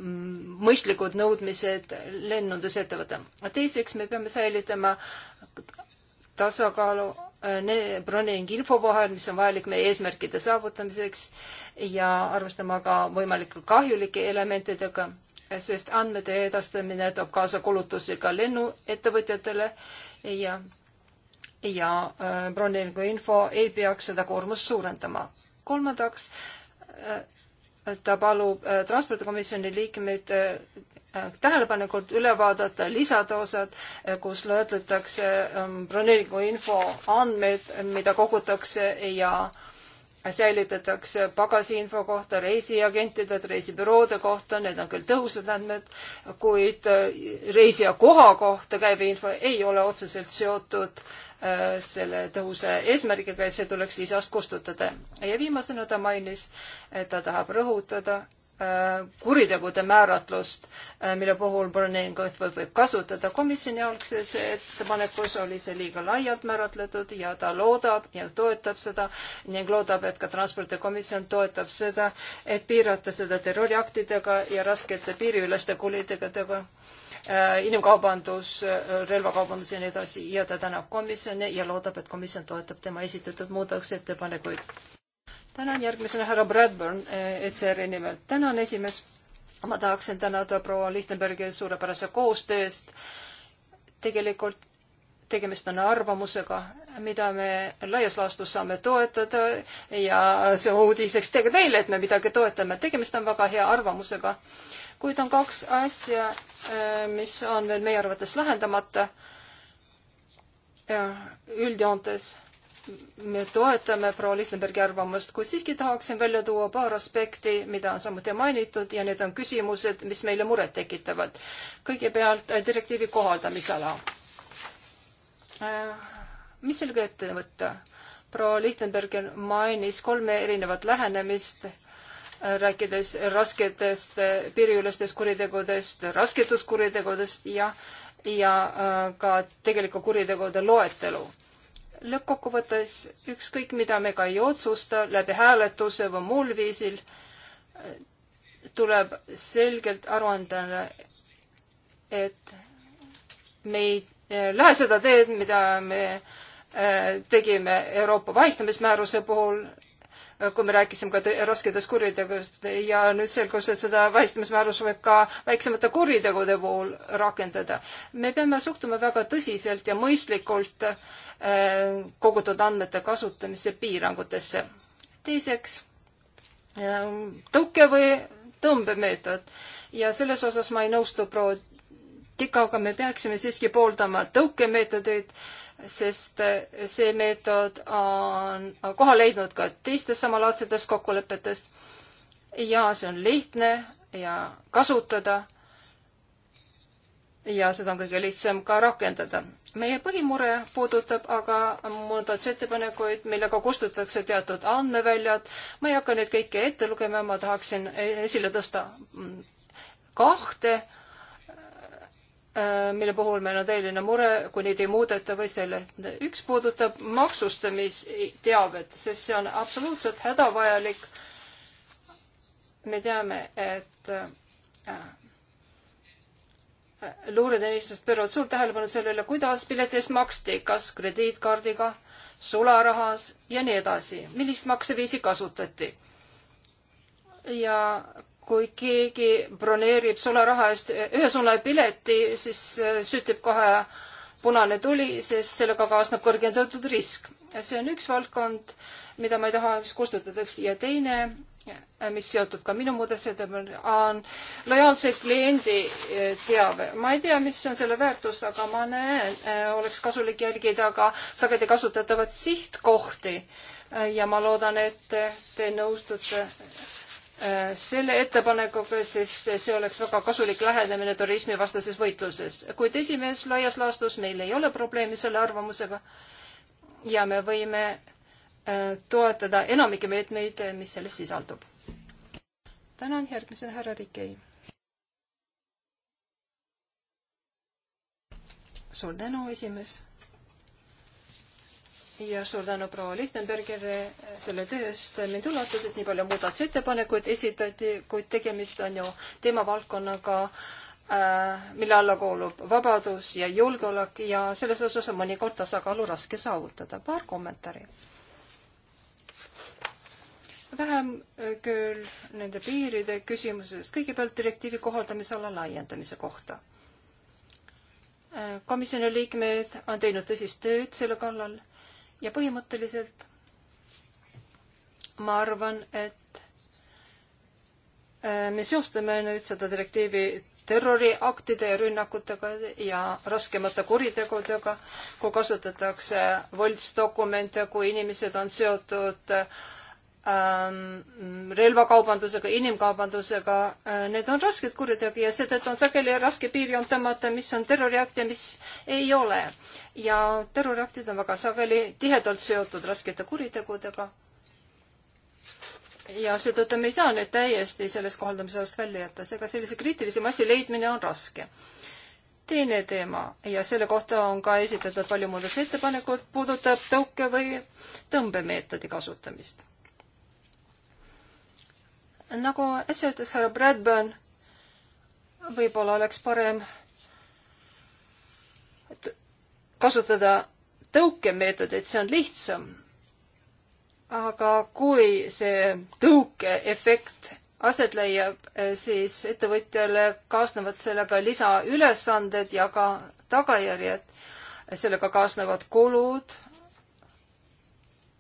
mõistlikud nõudmised lennundusettevõttele. teiseks, teiseks me peame säilitama tasakaalu äh, broneering info vahel, mis on vajalik meie eesmärkide saavutamiseks ja arvestama ka võimalike kahjulike elementidega, sest andmete edastamine toob kaasa kulutusi ka lennuettevõtjatele ja, ja äh, broneeringu info ei peaks seda koormust suurendama. kolmandaks, äh, ta palub transpordikomisjoni liikmeid Äh, tähelepanelikult üle vaadata lisade osad, äh, kus loetletakse ähm, broneeringu info andmeid, mida kogutakse ja säilitatakse pagasiinfo kohta, reisiagentide, reisibüroode kohta, need on küll tõhusad andmed, kuid äh, reisija koha kohta käiv info ei ole otseselt seotud selle tõhusa eesmärgiga ja see tuleks lisast kustutada. ja viimasena ta mainis, et ta tahab rõhutada, Äh, kuritegude määratlust, äh, mille puhul broneeringut võib, võib kasutada. komisjoni algses ettepanekus oli see liiga laialt määratletud ja ta loodab ja toetab seda ning loodab, et ka transpordikomisjon toetab seda, et piirata seda terroriaktidega ja raskete piiriüleste kuritegudega äh, inimkaubandus, relvakaubandus ja nii edasi ja ta tänab komisjoni ja loodab, et komisjon toetab tema esitatud muudatusettepanekuid tänan järgmisena härra Bradburn ECR-i eh, e nimel. tänan, esimees. ma tahaksin tänada proua Lichtenbergi suurepärase koostöö eest. tegelikult tegemist on arvamusega, mida me laias laastus saame toetada ja see on uudiseks teile, et me midagi toetame. tegemist on väga hea arvamusega. kuid on kaks asja, eh, mis on veel meie arvates lahendamata. Eh, üldjoontes me toetame proua Lichtenbergi arvamust, kuid siiski tahaksin välja tuua paar aspekti, mida on samuti mainitud ja need on küsimused, mis meile muret tekitavad. kõigepealt äh, direktiivi kohaldamisala. Äh, mis sellega ette võtta? proua Lichtenberg mainis kolme erinevat lähenemist, äh, rääkides rasketest piiriülestest kuritegudest, rasketuskuritegudest ja, ja ka tegelikult kuritegude loetelu lõppkokkuvõttes ükskõik, mida me ka ei otsusta läbi hääletuse või muul viisil, tuleb selgelt aru anda, et me ei eh, lähe seda teed, mida me eh, tegime Euroopa vahistamismääruse puhul, kui me rääkisime ka rasketest kuritegudest ja nüüd selgus, et seda vahistamismäärus võib ka väiksemate kuritegude puhul rakendada. me peame suhtuma väga tõsiselt ja mõistlikult äh, kogutud andmete kasutamise piirangutesse. teiseks, äh, tõuke või tõmbemeetod ja selles osas ma ei nõustu proua Tikaga, me peaksime siiski pooldama tõukemeetodeid sest see meetod on koha leidnud ka teistes samalaadsetes kokkulepetes ja see on lihtne ja kasutada. ja seda on kõige lihtsam ka rakendada. meie põhimure puudutab aga muudatusettepanekuid, millega kustutatakse teatud andmeväljad. ma ei hakka neid kõiki ette lugema, ma tahaksin esile tõsta kahte Äh, mille puhul meil on tõeline mure, kui neid ei muudeta või selle. üks puudutab maksustamisteavet, sest see on absoluutselt hädavajalik. me teame, et äh, äh, luureteenistused pööravad suurt tähelepanu selle üle, kuidas pileti eest maksti, kas krediitkaardiga, sularahas ja nii edasi, millist makseviisi kasutati. ja kui keegi broneerib sularaha eest ühe suunapileti, siis äh, süttib kohe punane tuli, sest sellega kaasneb kõrgendatud risk. see on üks valdkond, mida ma ei taha, mis kustutatakse ja teine, äh, mis seotub ka minu muudatusettepanekuga, on lojaalse kliendi äh, teave. ma ei tea, mis on selle väärtus, aga ma näen, oleks kasulik jälgida ka sageli kasutatavat sihtkohti ja ma loodan, et te nõustute Äh, selle ettepanekuga, sest see oleks väga kasulik lähenemine turismivastases võitluses. kuid esimees laias laastus meil ei ole probleemi selle arvamusega ja me võime äh, toetada enamike meetmeid, mis selles sisaldub. tänan, järgmisena härra Rikei. suur tänu, esimees ja suur tänu proua Lichtenbergile eh, selle töö eest. mind üllatas, et nii palju muudatusettepanekuid esitati, kuid tegemist on ju teemavaldkonnaga, eh, mille alla kuulub vabadus ja julgeolek ja selles osas on mõnikord tasakaalu raske saavutada. paar kommentaari. vähem eh, küll nende piiride küsimuses, kõigepealt direktiivi kohaldamisala laiendamise kohta komisjoni liikmed on teinud tõsist tööd selle kallal ja põhimõtteliselt ma arvan, et äh, me seostame nüüd seda direktiivi terroriaktide ja rünnakutega ja raskemate kuritegudega, kui kasutatakse võltsdokumente, kui inimesed on seotud äh, Ähm, relvakaubandusega, inimkaubandusega, äh, need on rasked kuritegu ja seetõttu on sageli raske piirjoon tõmmata, mis on terroriakt ja mis ei ole. ja terroriaktid on väga sageli tihedalt seotud raskete kuritegudega. ja seetõttu me ei saa neid täiesti sellest kohaldamise ajast välja jätta, seega sellise kriitilise massi leidmine on raske teine teema ja selle kohta on ka esitatud palju muudatusettepanekuid, puudutab tõuke või tõmbemeetodi kasutamist nagu äsja ütles härra Bradburn, võib-olla oleks parem kasutada tõukemeetodeid, see on lihtsam. aga kui see tõukeefekt aset leiab, eh, siis ettevõtjale kaasnevad sellega lisaülesanded ja ka tagajärjed. sellega kaasnevad kulud,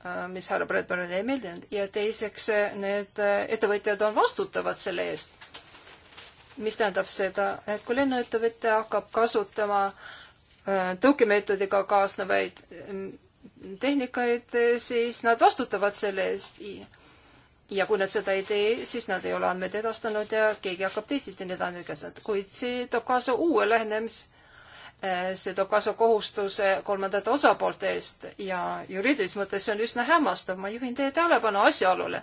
Äh, mis härra Bradburile ei meeldinud ja teiseks äh, need äh, ettevõtjad on vastutavad selle eest. mis tähendab seda, et kui lennuettevõte hakkab kasutama tõukemeetodiga kaasnevaid tehnikaid, siis nad vastutavad selle eest. ja kui nad seda ei tee, siis nad ei ole andmeid edastanud ja keegi hakkab teisiti neid andmeid käsitama, kuid see toob kaasa uue lähenemise Eh, see toob kasu kohustuse kolmandate osapoolte eest ja juriidilises mõttes see on üsna hämmastav. ma juhin teie tähelepanu asjaolule,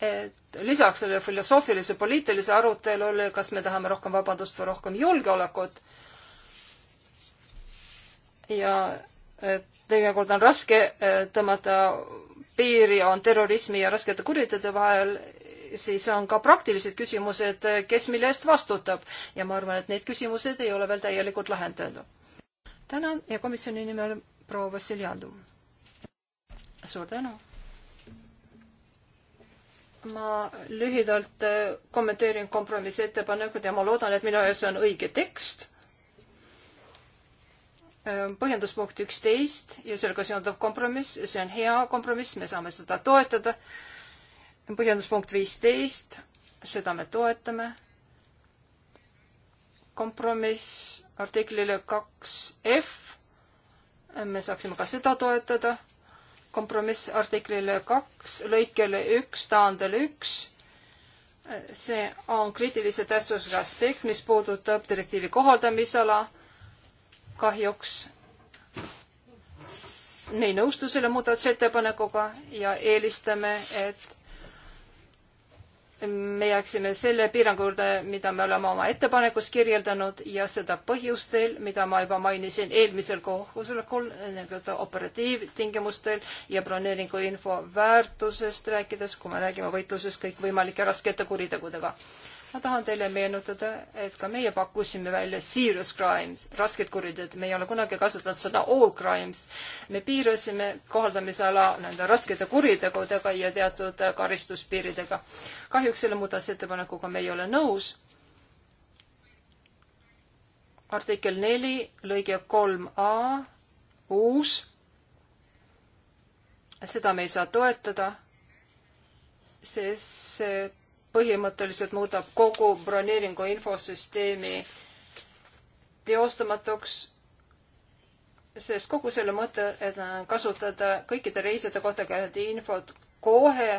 et lisaks sellele filosoofilise poliitilise arutelule, kas me tahame rohkem vabadust või rohkem julgeolekut ja teinekord on raske eh, tõmmata piiri, on terrorismi ja raskete kuritegude vahel siis on ka praktilised küsimused, kes mille eest vastutab ja ma arvan, et need küsimused ei ole veel täielikult lahendatud. tänan ja komisjoni nimel proua Vassiljandu. suur tänu. ma lühidalt eh, kommenteerin kompromissettepanekut ja ma loodan, et minu jaoks on õige tekst eh, põhjenduspunkt üksteist ja sellega seonduv kompromiss, see on hea kompromiss, me saame seda toetada põhjenduspunkt viisteist, seda me toetame. kompromiss artiklile kaks F, me saaksime ka seda toetada. kompromiss artiklile kaks lõikele üks, taandele üks. see on kriitilise tähtsusega aspekt, mis puudutab direktiivi kohaldamisala. kahjuks me ei nõustu selle muudatusettepanekuga ja eelistame, et me jääksime selle piirangu juurde, mida me oleme oma ettepanekus kirjeldanud ja seda põhjustel, mida ma juba mainisin eelmisel koosolekul, nii-öelda operatiivtingimustel ja broneeringuinfo väärtusest rääkides, kui me räägime võitluses kõikvõimalike raskete kuritegudega ma tahan teile meenutada, et ka meie pakkusime välja serious crimes, rasked kuriteod, me ei ole kunagi kasutanud sõna all crimes. me piirasime kohaldamisala nende raskete kuritegudega ja teatud karistuspiiridega. kahjuks selle muudatusettepanekuga me ei ole nõus. artikkel neli, lõige kolm A, uus. seda me ei saa toetada sest see põhimõtteliselt muudab kogu broneeringu infosüsteemi teostamatuks, sest kogu selle mõte, et kasutada kõikide reisijate kohta käivat infot kohe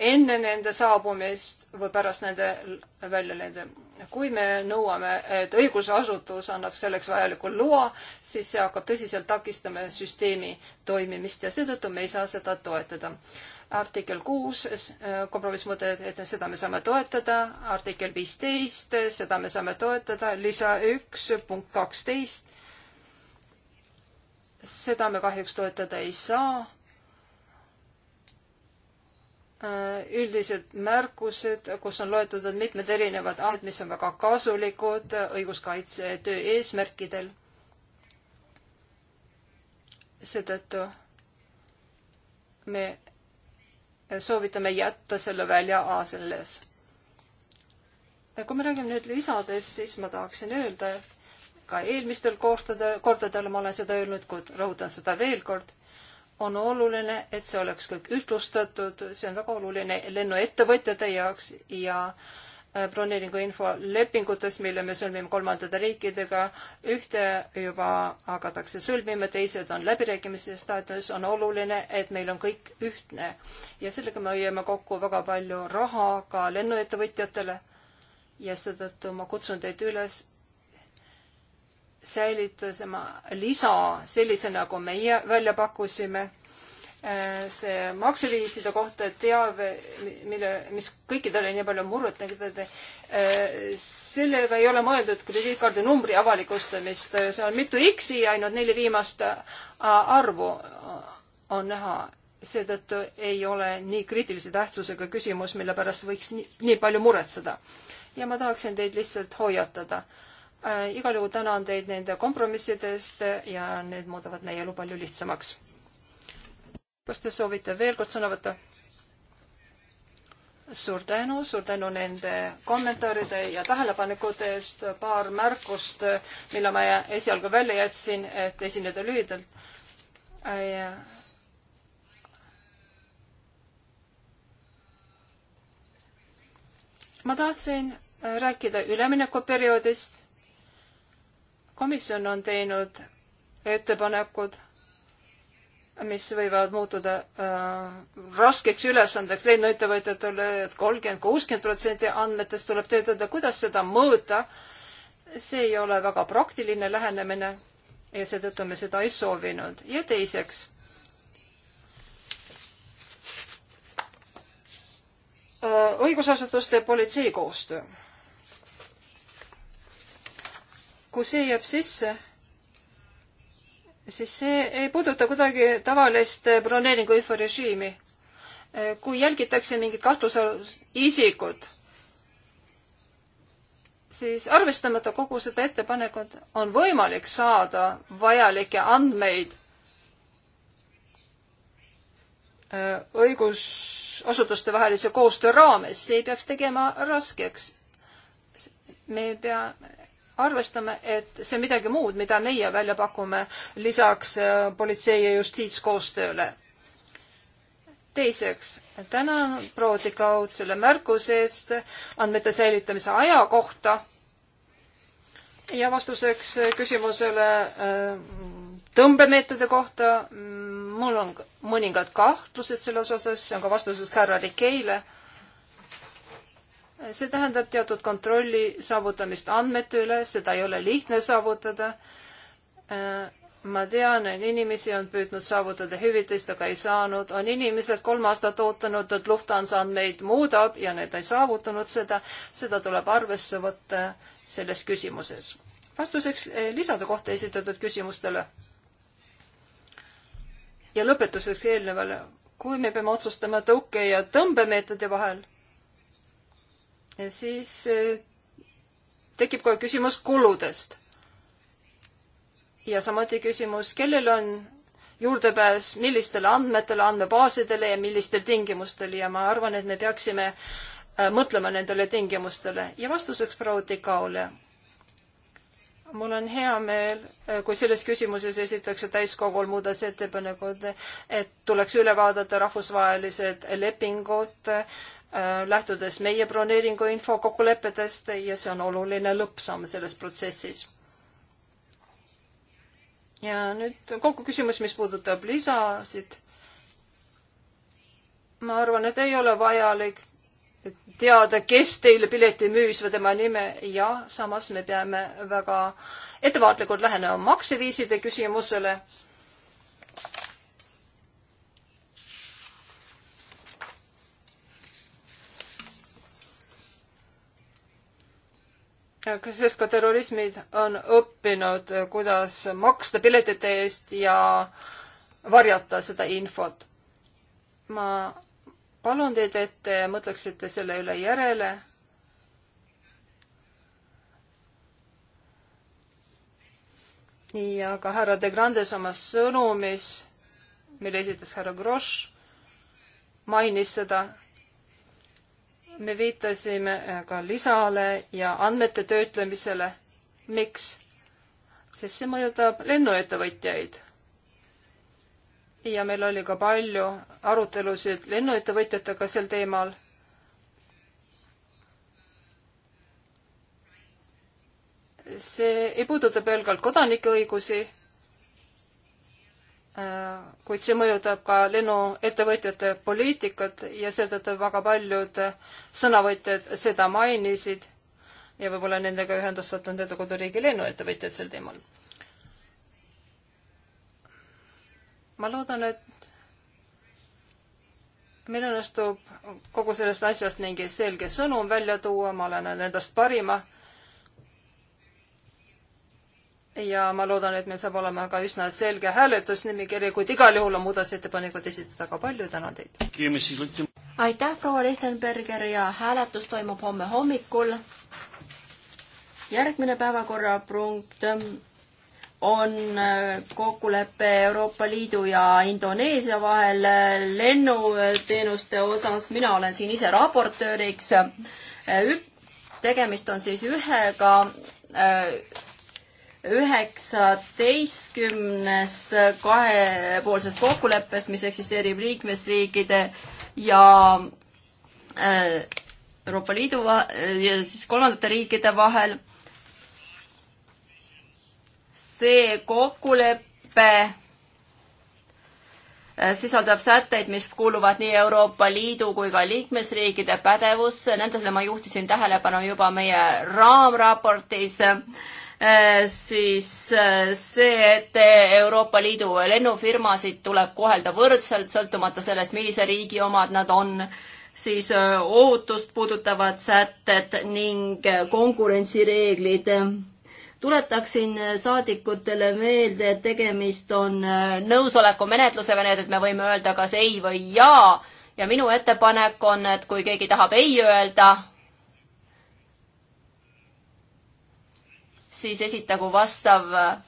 enne nende saabumist või pärast nende väljalende. kui me nõuame, et õigusasutus annab selleks vajaliku loa, siis see hakkab tõsiselt takistama süsteemi toimimist ja seetõttu me ei saa seda toetada. artikkel kuus, kompromissmõte, et seda me saame toetada, artikkel viisteist, seda me saame toetada, lisa üks punkt kaksteist, seda me kahjuks toetada ei saa Äh, üldised märkused, kus on loetletud mitmed erinevad andmed, mis on väga kasulikud äh, õiguskaitsetöö eesmärkidel. seetõttu me soovitame jätta selle välja A selles. kui me räägime nüüd lisadest, siis ma tahaksin öelda, ka eelmistel kordadel, kordadel ma olen seda öelnud, kuid rõhutan seda veel kord on oluline, et see oleks kõik ühtlustatud, see on väga oluline lennuettevõtjate jaoks ja äh, broneeringu infolepingutest, mille me sõlmime kolmandate riikidega, ühte juba hakatakse sõlmima, teised on läbirääkimise staatuses, on oluline, et meil on kõik ühtne. ja sellega me hoiame kokku väga palju raha ka lennuettevõtjatele ja seetõttu ma kutsun teid üles säilitasema lisa sellisena, nagu meie välja pakkusime äh, see makseviiside kohta teave, mille, mis kõikidele nii palju murret tekitab, äh, sellega ei ole mõeldud krediitkaardi numbri avalikustamist, seal on mitu X-i ja ainult neli viimast äh, arvu on näha. seetõttu ei ole nii kriitilise tähtsusega küsimus, mille pärast võiks nii, nii palju muretseda. ja ma tahaksin teid lihtsalt hoiatada Äh, igal juhul tänan teid nende kompromissidest ja need muudavad meie elu palju lihtsamaks. kas te soovite veel kord sõna võtta? suur tänu, suur tänu nende kommentaaride ja tähelepanekute eest. paar märkust, mille ma esialgu välja jätsin, et esineda lühidalt. Äh, ma tahtsin rääkida üleminekuperioodist komisjon on teinud ettepanekud, mis võivad muutuda äh, raskeks ülesandeks lennuettevõtjatele, et kolmkümmend, kuuskümmend protsenti andmetest tuleb töötada, kuidas seda mõõta, see ei ole väga praktiline lähenemine ja seetõttu me seda ei soovinud. ja teiseks äh, õigusasutuste politsei koostöö kui see jääb sisse, siis see ei puuduta kuidagi tavalist broneeringu inforežiimi. kui jälgitakse mingit kahtlusalust isikut, siis arvestamata kogu seda ettepanekut on võimalik saada vajalikke andmeid äh, õigusasutuste vahelise koostöö raames, see ei peaks tegema raskeks. me ei pea, arvestame, et see on midagi muud, mida meie välja pakume lisaks äh, politsei ja justiitskoostööle. teiseks, tänan proua Tikaud selle märkuse eest andmete säilitamise aja kohta. ja vastuseks küsimusele äh, tõmbemeetodi kohta, mul on mõningad kahtlused selle osas, see on ka vastuses härra Rikeile see tähendab teatud kontrolli saavutamist andmete üle, seda ei ole lihtne saavutada. Äh, ma tean, et inimesi on püüdnud saavutada hüvitist, aga ei saanud, on inimesed kolm aastat ootanud, et Lufthansa andmeid muudab ja need ei saavutanud seda, seda tuleb arvesse võtta selles küsimuses. vastuseks eh, lisade kohta esitatud küsimustele. ja lõpetuseks eelnevale, kui me peame otsustama tõuke ja tõmbemeetodi vahel siis eh, tekib kohe küsimus kuludest. ja samuti küsimus, kellel on juurdepääs millistele andmetele, andmebaasidele ja millistel tingimustel ja ma arvan, et me peaksime eh, mõtlema nendele tingimustele ja vastuseks proua Tikaule. mul on hea meel, eh, kui selles küsimuses esitakse täiskogul muudatusettepanekud, et tuleks üle vaadata rahvusvahelised lepingud Äh, lähtudes meie broneeringu info kokkulepetest ja see on oluline lõppsamm selles protsessis. ja nüüd kogu küsimus, mis puudutab lisasid. ma arvan, et ei ole vajalik teada, kes teile pileti müüs või tema nime ja samas me peame väga ettevaatlikult lähenema makseviiside küsimusele sest ka terrorismid on õppinud, kuidas maksta piletite eest ja varjata seda infot. ma palun teid, et te mõtleksite selle üle järele. ja ka härra De Grandes oma sõnumis, mille esitas härra Grosch, mainis seda, me viitasime äh, ka lisale ja andmete töötlemisele. miks? sest see mõjutab lennuettevõtjaid. ja meil oli ka palju arutelusid lennuettevõtjatega sel teemal. see ei puuduta pelgalt kodanike õigusi Äh, kuid see mõjutab ka lennuettevõtjate poliitikat ja seetõttu väga paljud sõnavõtjad seda mainisid ja võib-olla nendega ühendust võtnud enda koduriigi lennuettevõtjad sel teemal. ma loodan, et meil õnnestub kogu sellest asjast mingi selge sõnum välja tuua, ma olen endast parima ja ma loodan, et meil saab olema ka üsna selge hääletusnimekiri, kuid igal juhul on muudatusettepanekuid esitada ka palju, tänan teid. aitäh, proua Lichtenberger ja hääletus toimub homme hommikul. järgmine päevakorrapunkt on äh, kokkulepe Euroopa Liidu ja Indoneesia vahel äh, lennuteenuste osas, mina olen siin ise raportööriks. Äh, tegemist on siis ühega üheksateistkümnest kahepoolsest kokkuleppest, mis eksisteerib liikmesriikide ja äh, Euroopa Liidu ja siis kolmandate riikide vahel. see kokkulepe äh, sisaldab sätteid, mis kuuluvad nii Euroopa Liidu kui ka liikmesriikide pädevusse, nendele ma juhtisin tähelepanu juba meie raamraportis Äh, siis äh, see, et äh, Euroopa Liidu lennufirmasid tuleb kohelda võrdselt, sõltumata sellest, millise riigi omad nad on, siis ohutust puudutavad sätted ning konkurentsireeglid. tuletaksin saadikutele meelde, et tegemist on nõusolekumenetlusega, nii et me võime öelda kas ei või jaa ja minu ettepanek on, et kui keegi tahab ei öelda, siis esitagu vastav äh,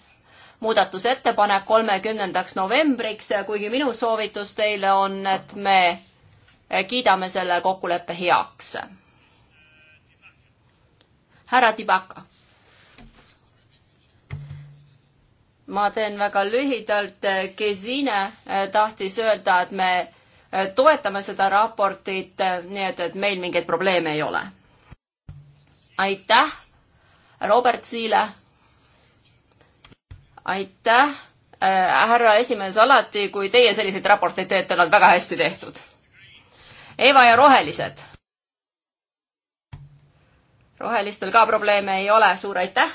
muudatusettepanek kolmekümnendaks novembriks, äh, kuigi minu soovitus teile on, et me äh, kiidame selle kokkuleppe heaks. härra Tibaka. ma teen väga lühidalt, Gesine tahtis öelda, et me toetame seda raportit, nii et, et meil mingeid probleeme ei ole. aitäh Robert Siile. aitäh, äh, härra esimees, alati kui teie selliseid raporteid teete, nad väga hästi tehtud. Eva ja Rohelised. rohelistel ka probleeme ei ole, suur aitäh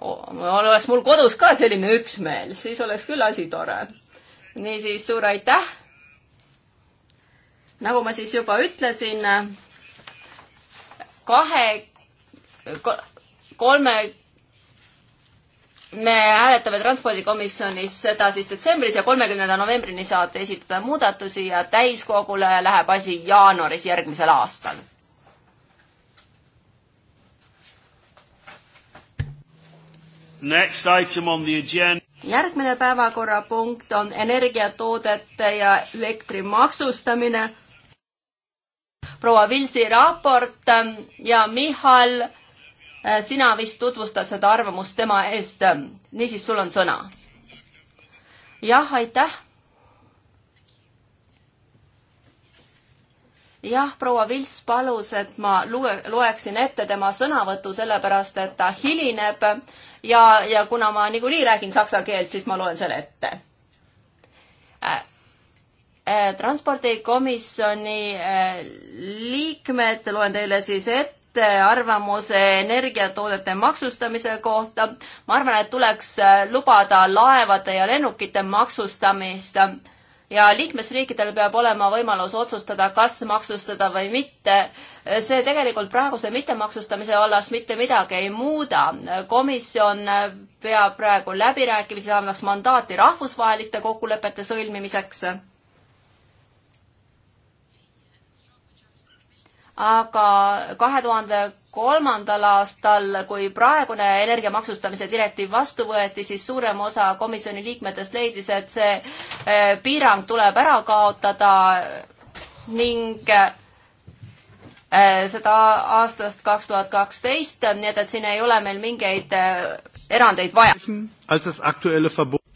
oleks mul kodus ka selline üksmeel, siis oleks küll asi tore. niisiis, suur aitäh! nagu ma siis juba ütlesin, kahe, kolme, me hääletame transpordikomisjonis seda siis detsembris ja kolmekümnenda novembrini saate esitada muudatusi ja täiskogule läheb asi jaanuaris järgmisel aastal Next item on the agenda. järgmine päevakorrapunkt on energiatoodete ja elektri maksustamine proua Vilsi raport ähm, ja Michal, äh, sina vist tutvustad seda arvamust tema eest. niisiis, sul on sõna. jah, aitäh jah, proua Vilts palus, et ma loe, loeksin ette tema sõnavõtu, sellepärast et ta hilineb ja, ja kuna ma niikuinii räägin saksa keelt, siis ma loen selle ette äh,. Eh, transpordikomisjoni eh, liikmed, loen teile siis ette arvamuse energiatoodete maksustamise kohta. ma arvan, et tuleks eh, lubada laevade ja lennukite maksustamist ja liikmesriikidel peab olema võimalus otsustada, kas maksustada või mitte. see tegelikult praeguse mittemaksustamise vallas mitte midagi ei muuda. komisjon peab praegu läbirääkimisi, annaks mandaati rahvusvaheliste kokkulepete sõlmimiseks aga kahe tuhande kolmandal aastal, kui praegune energia maksustamise direktiiv vastu võeti, siis suurem osa komisjoni liikmetest leidis, et see eh, piirang tuleb ära kaotada ning eh, seda aastast kaks tuhat kaksteist, nii et, et siin ei ole meil mingeid eh, erandeid vaja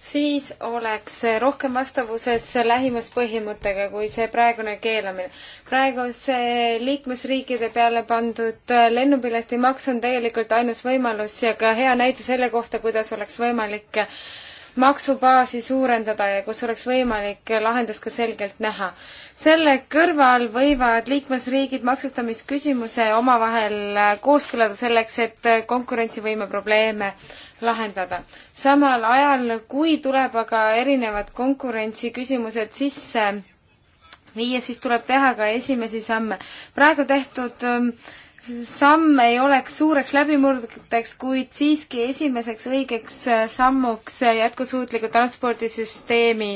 siis oleks see rohkem vastavuses lähimuspõhimõttega kui see praegune keelamine. praegu see liikmesriikide peale pandud lennupiletimaks on tegelikult ainus võimalus ja ka hea näide selle kohta, kuidas oleks võimalik maksubaasi suurendada ja kus oleks võimalik lahendust ka selgelt näha. selle kõrval võivad liikmesriigid maksustamisküsimuse omavahel kooskõlada selleks, et konkurentsivõime probleeme lahendada. samal ajal, kui tuleb aga erinevad konkurentsiküsimused sisse viia, siis tuleb teha ka esimesi samme. praegu tehtud samm ei oleks suureks läbimurdeks, kuid siiski esimeseks õigeks äh, sammuks äh, jätkusuutliku transpordisüsteemi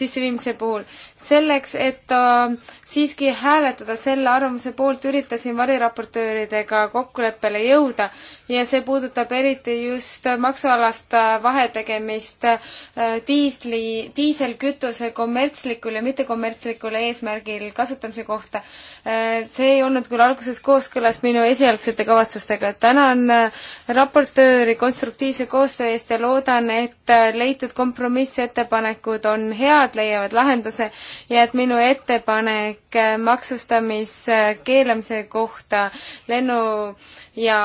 sisseviimise puhul selleks, et äh, siiski hääletada selle arvamuse poolt, üritasin variraportööridega kokkuleppele jõuda ja see puudutab eriti just maksualast äh, vahetegemist äh, diisli, diiselkütuse kommertslikul ja mittekommertslikul eesmärgil kasutamise kohta. see ei olnud küll alguses kooskõlas minu esialgsete kavatsustega. tänan raportööri konstruktiivse koostöö eest ja loodan, et leitud kompromissettepanekud on head, leiavad lahenduse ja et minu ettepanek maksustamise keelamise kohta lennu ja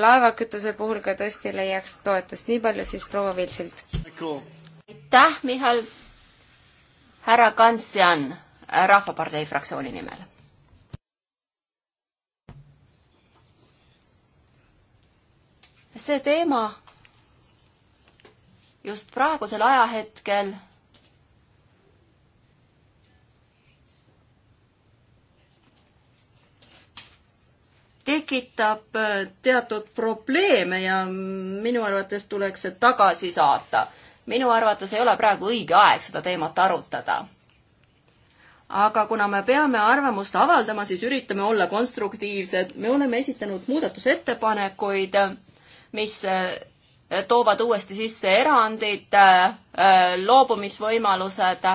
laevakütuse puhul ka tõesti leiaks toetust. nii palju siis proua Vilsilt. aitäh, Mihhail. härra Kantsjan Rahvapartei fraktsiooni nimel see teema just praegusel ajahetkel tekitab äh, teatud probleeme ja minu arvates tuleks see tagasi saata. minu arvates ei ole praegu õige aeg seda teemat arutada. aga kuna me peame arvamust avaldama, siis üritame olla konstruktiivsed. me oleme esitanud muudatusettepanekuid, mis äh, toovad uuesti sisse erandid, äh, loobumisvõimalused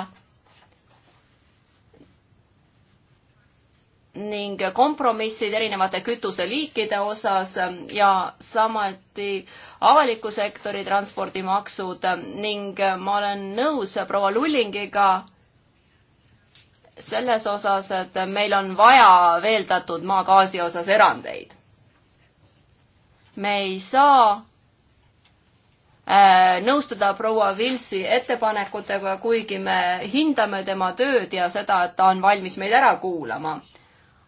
ning kompromissid erinevate kütuseliikide osas ähm, ja samuti avaliku sektori transpordimaksud ähm, ning äh, ma olen nõus proua Lullingiga selles osas, et meil on vaja veeldatud maagaasi osas erandeid. me ei saa äh, nõustuda proua Vilsi ettepanekutega, kuigi me hindame tema tööd ja seda, et ta on valmis meid ära kuulama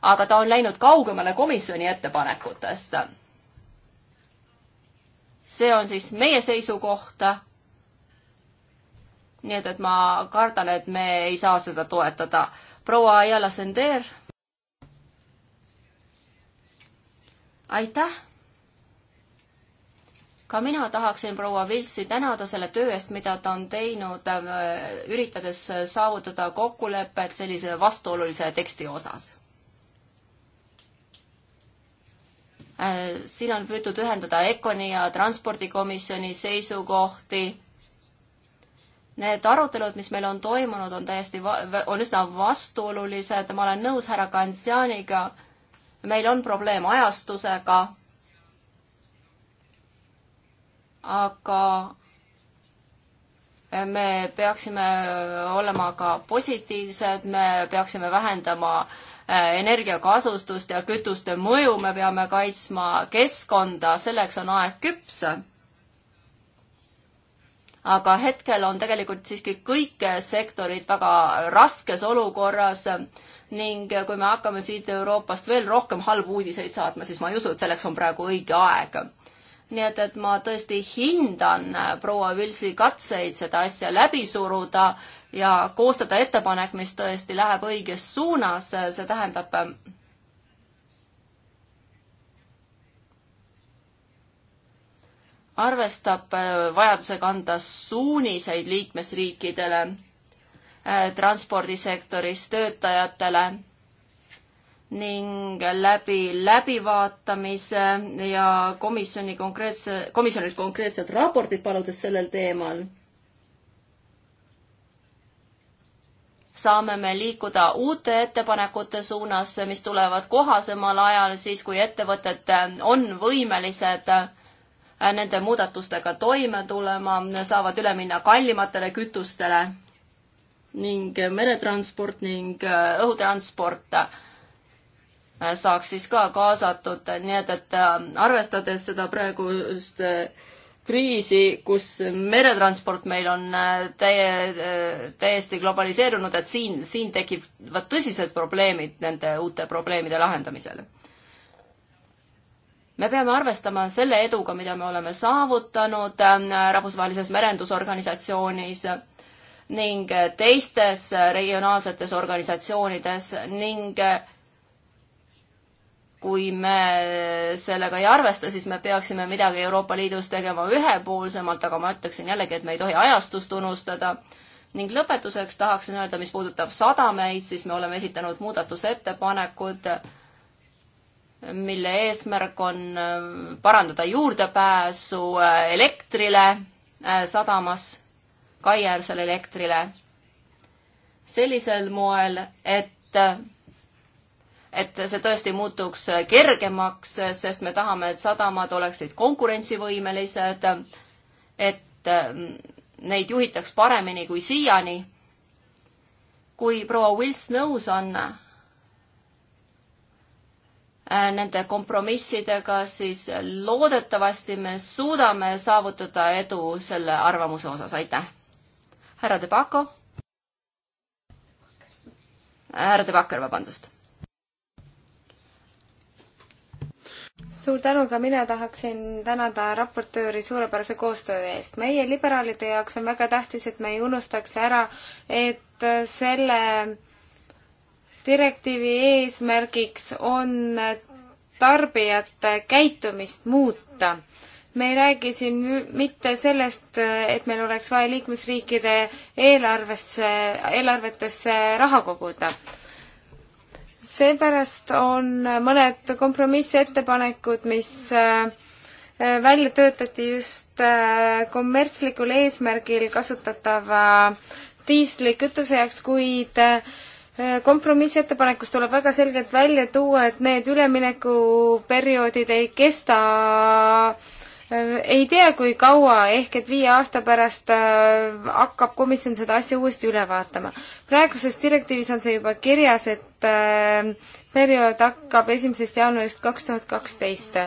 aga ta on läinud kaugemale komisjoni ettepanekutest. see on siis meie seisukoht. nii et, et ma kardan, et me ei saa seda toetada. proua Ayala Sender. aitäh ka mina tahaksin proua Vilsi tänada selle töö eest, mida ta on teinud, äh, üritades saavutada kokkulepet sellise vastuolulise teksti osas. Äh, siin on püütud ühendada Econi ja Transpordikomisjoni seisukohti. Need arutelud, mis meil on toimunud, on täiesti, on üsna vastuolulised, ma olen nõus härra Kansianiga, meil on probleem ajastusega, aga me peaksime olema ka positiivsed, me peaksime vähendama äh, Äh, energiakasutust ja kütuste mõju, me peame kaitsma keskkonda, selleks on aeg küps. aga hetkel on tegelikult siiski kõik sektorid väga raskes olukorras ning kui me hakkame siit Euroopast veel rohkem halbu uudiseid saatma, siis ma ei usu, et selleks on praegu õige aeg nii et, et ma tõesti hindan äh, proua Vilsi katseid seda asja läbi suruda ja koostada ettepanek, mis tõesti läheb õiges suunas, see tähendab äh, arvestab äh, vajadusega anda suuniseid liikmesriikidele, äh, transpordisektoris töötajatele ning läbi läbivaatamise ja komisjoni konkreetse, komisjonilt konkreetsed raportid paludes sellel teemal saame me liikuda uute ettepanekute suunas, mis tulevad kohasemal ajal, siis kui ettevõtted on võimelised nende muudatustega toime tulema, saavad üle minna kallimatele kütustele ning meretransport ning õhutransport saaks siis ka kaasatud, nii et, et äh, arvestades seda praegust äh, kriisi, kus meretransport meil on äh, täie, äh, täiesti globaliseerunud, et siin, siin tekivad tõsised probleemid nende uute probleemide lahendamisel. me peame arvestama selle eduga, mida me oleme saavutanud äh, rahvusvahelises merendusorganisatsioonis ning teistes regionaalsetes organisatsioonides ning kui me sellega ei arvesta, siis me peaksime midagi Euroopa Liidus tegema ühepoolsemalt, aga ma ütleksin jällegi, et me ei tohi ajastust unustada. ning lõpetuseks tahaksin öelda, mis puudutab sadameid, siis me oleme esitanud muudatusettepanekud, mille eesmärk on äh, parandada juurdepääsu äh, elektrile äh, sadamas, kaiäärsele elektrile sellisel moel, et et see tõesti muutuks kergemaks, sest me tahame, et sadamad oleksid konkurentsivõimelised, et ähm, neid juhitaks paremini kui siiani. kui proua Wills nõus on äh, nende kompromissidega, siis loodetavasti me suudame saavutada edu selle arvamuse osas, aitäh. härra De Paco härra De Backer, vabandust. suur tänu, ka mina tahaksin tänada raportööri suurepärase koostöö eest. meie liberaalide jaoks on väga tähtis, et me ei unustaks ära, et selle direktiivi eesmärgiks on tarbijate käitumist muuta. me ei räägi siin mitte sellest, et meil oleks vaja liikmesriikide eelarvesse, eelarvetesse raha koguda seepärast on mõned kompromissettepanekud, mis äh, välja töötati just äh, kommertslikul eesmärgil kasutatava diislikütuse jaoks, kuid äh, kompromissettepanekus tuleb väga selgelt välja tuua, et need üleminekuperioodid ei kesta ei tea, kui kaua, ehk et viie aasta pärast äh, hakkab komisjon seda asja uuesti üle vaatama. praeguses direktiivis on see juba kirjas, et äh, periood hakkab esimesest jaanuarist kaks tuhat kaksteist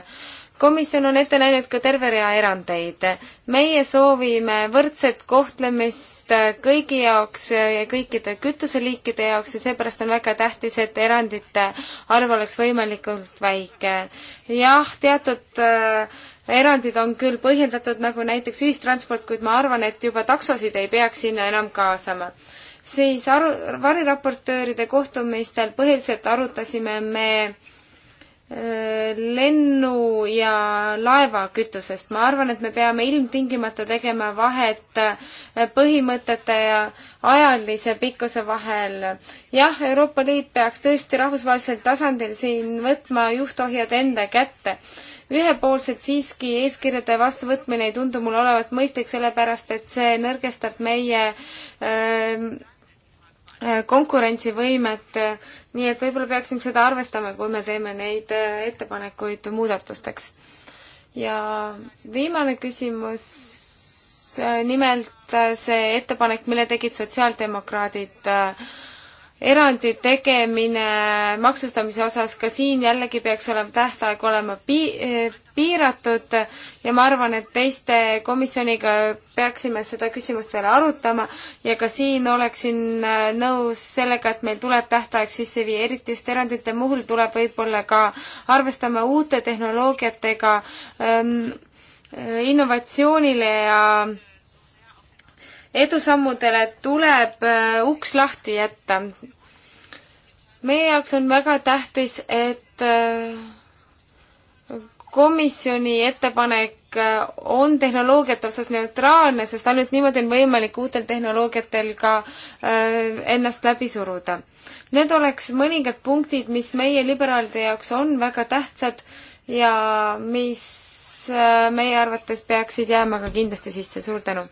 komisjon on ette näinud ka terve rea erandeid. meie soovime võrdset kohtlemist äh, kõigi jaoks ja kõikide kütuseliikide jaoks ja seepärast on väga tähtis, et erandite arv oleks võimalikult väike. jah, teatud erandid on küll põhjendatud, nagu näiteks ühistransport, kuid ma arvan, et juba taksosid ei peaks sinna enam kaasama. siis aru, variraportööride kohtumistel põhiliselt arutasime me lennu ja laevakütusest. ma arvan, et me peame ilmtingimata tegema vahet põhimõtete ja ajalise pikkuse vahel. jah, Euroopa Liit peaks tõesti rahvusvahelisel tasandil siin võtma juhtohjad enda kätte ühepoolselt siiski eeskirjade vastuvõtmine ei tundu mulle olevat mõistlik, sellepärast et see nõrgestab meie öö, ähm, äh, konkurentsivõimet, nii et võib-olla peaksime seda arvestama, kui me teeme neid äh, ettepanekuid muudatusteks. ja viimane küsimus, äh, nimelt see ettepanek, mille tegid sotsiaaldemokraadid äh, erandi tegemine maksustamise osas, ka siin jällegi peaks olema tähtaeg olema pi-, piiratud ja ma arvan, et teiste komisjoniga peaksime seda küsimust veel arutama ja ka siin oleksin äh, nõus sellega, et meil tuleb tähtaeg sisse viia, eriti just erandite puhul tuleb võib-olla ka arvestama uute tehnoloogiatega ähm,, äh, innovatsioonile ja äh, edusammudele tuleb äh, uks lahti jätta. meie jaoks on väga tähtis, et äh, komisjoni ettepanek äh, on tehnoloogiate osas neutraalne, sest ainult niimoodi on võimalik uutel tehnoloogiatel ka ennast läbi suruda. Need oleks mõningad punktid, mis meie liberaalide jaoks on väga tähtsad ja mis Äh, meie arvates peaksid jääma ka kindlasti sisse, suur tänu!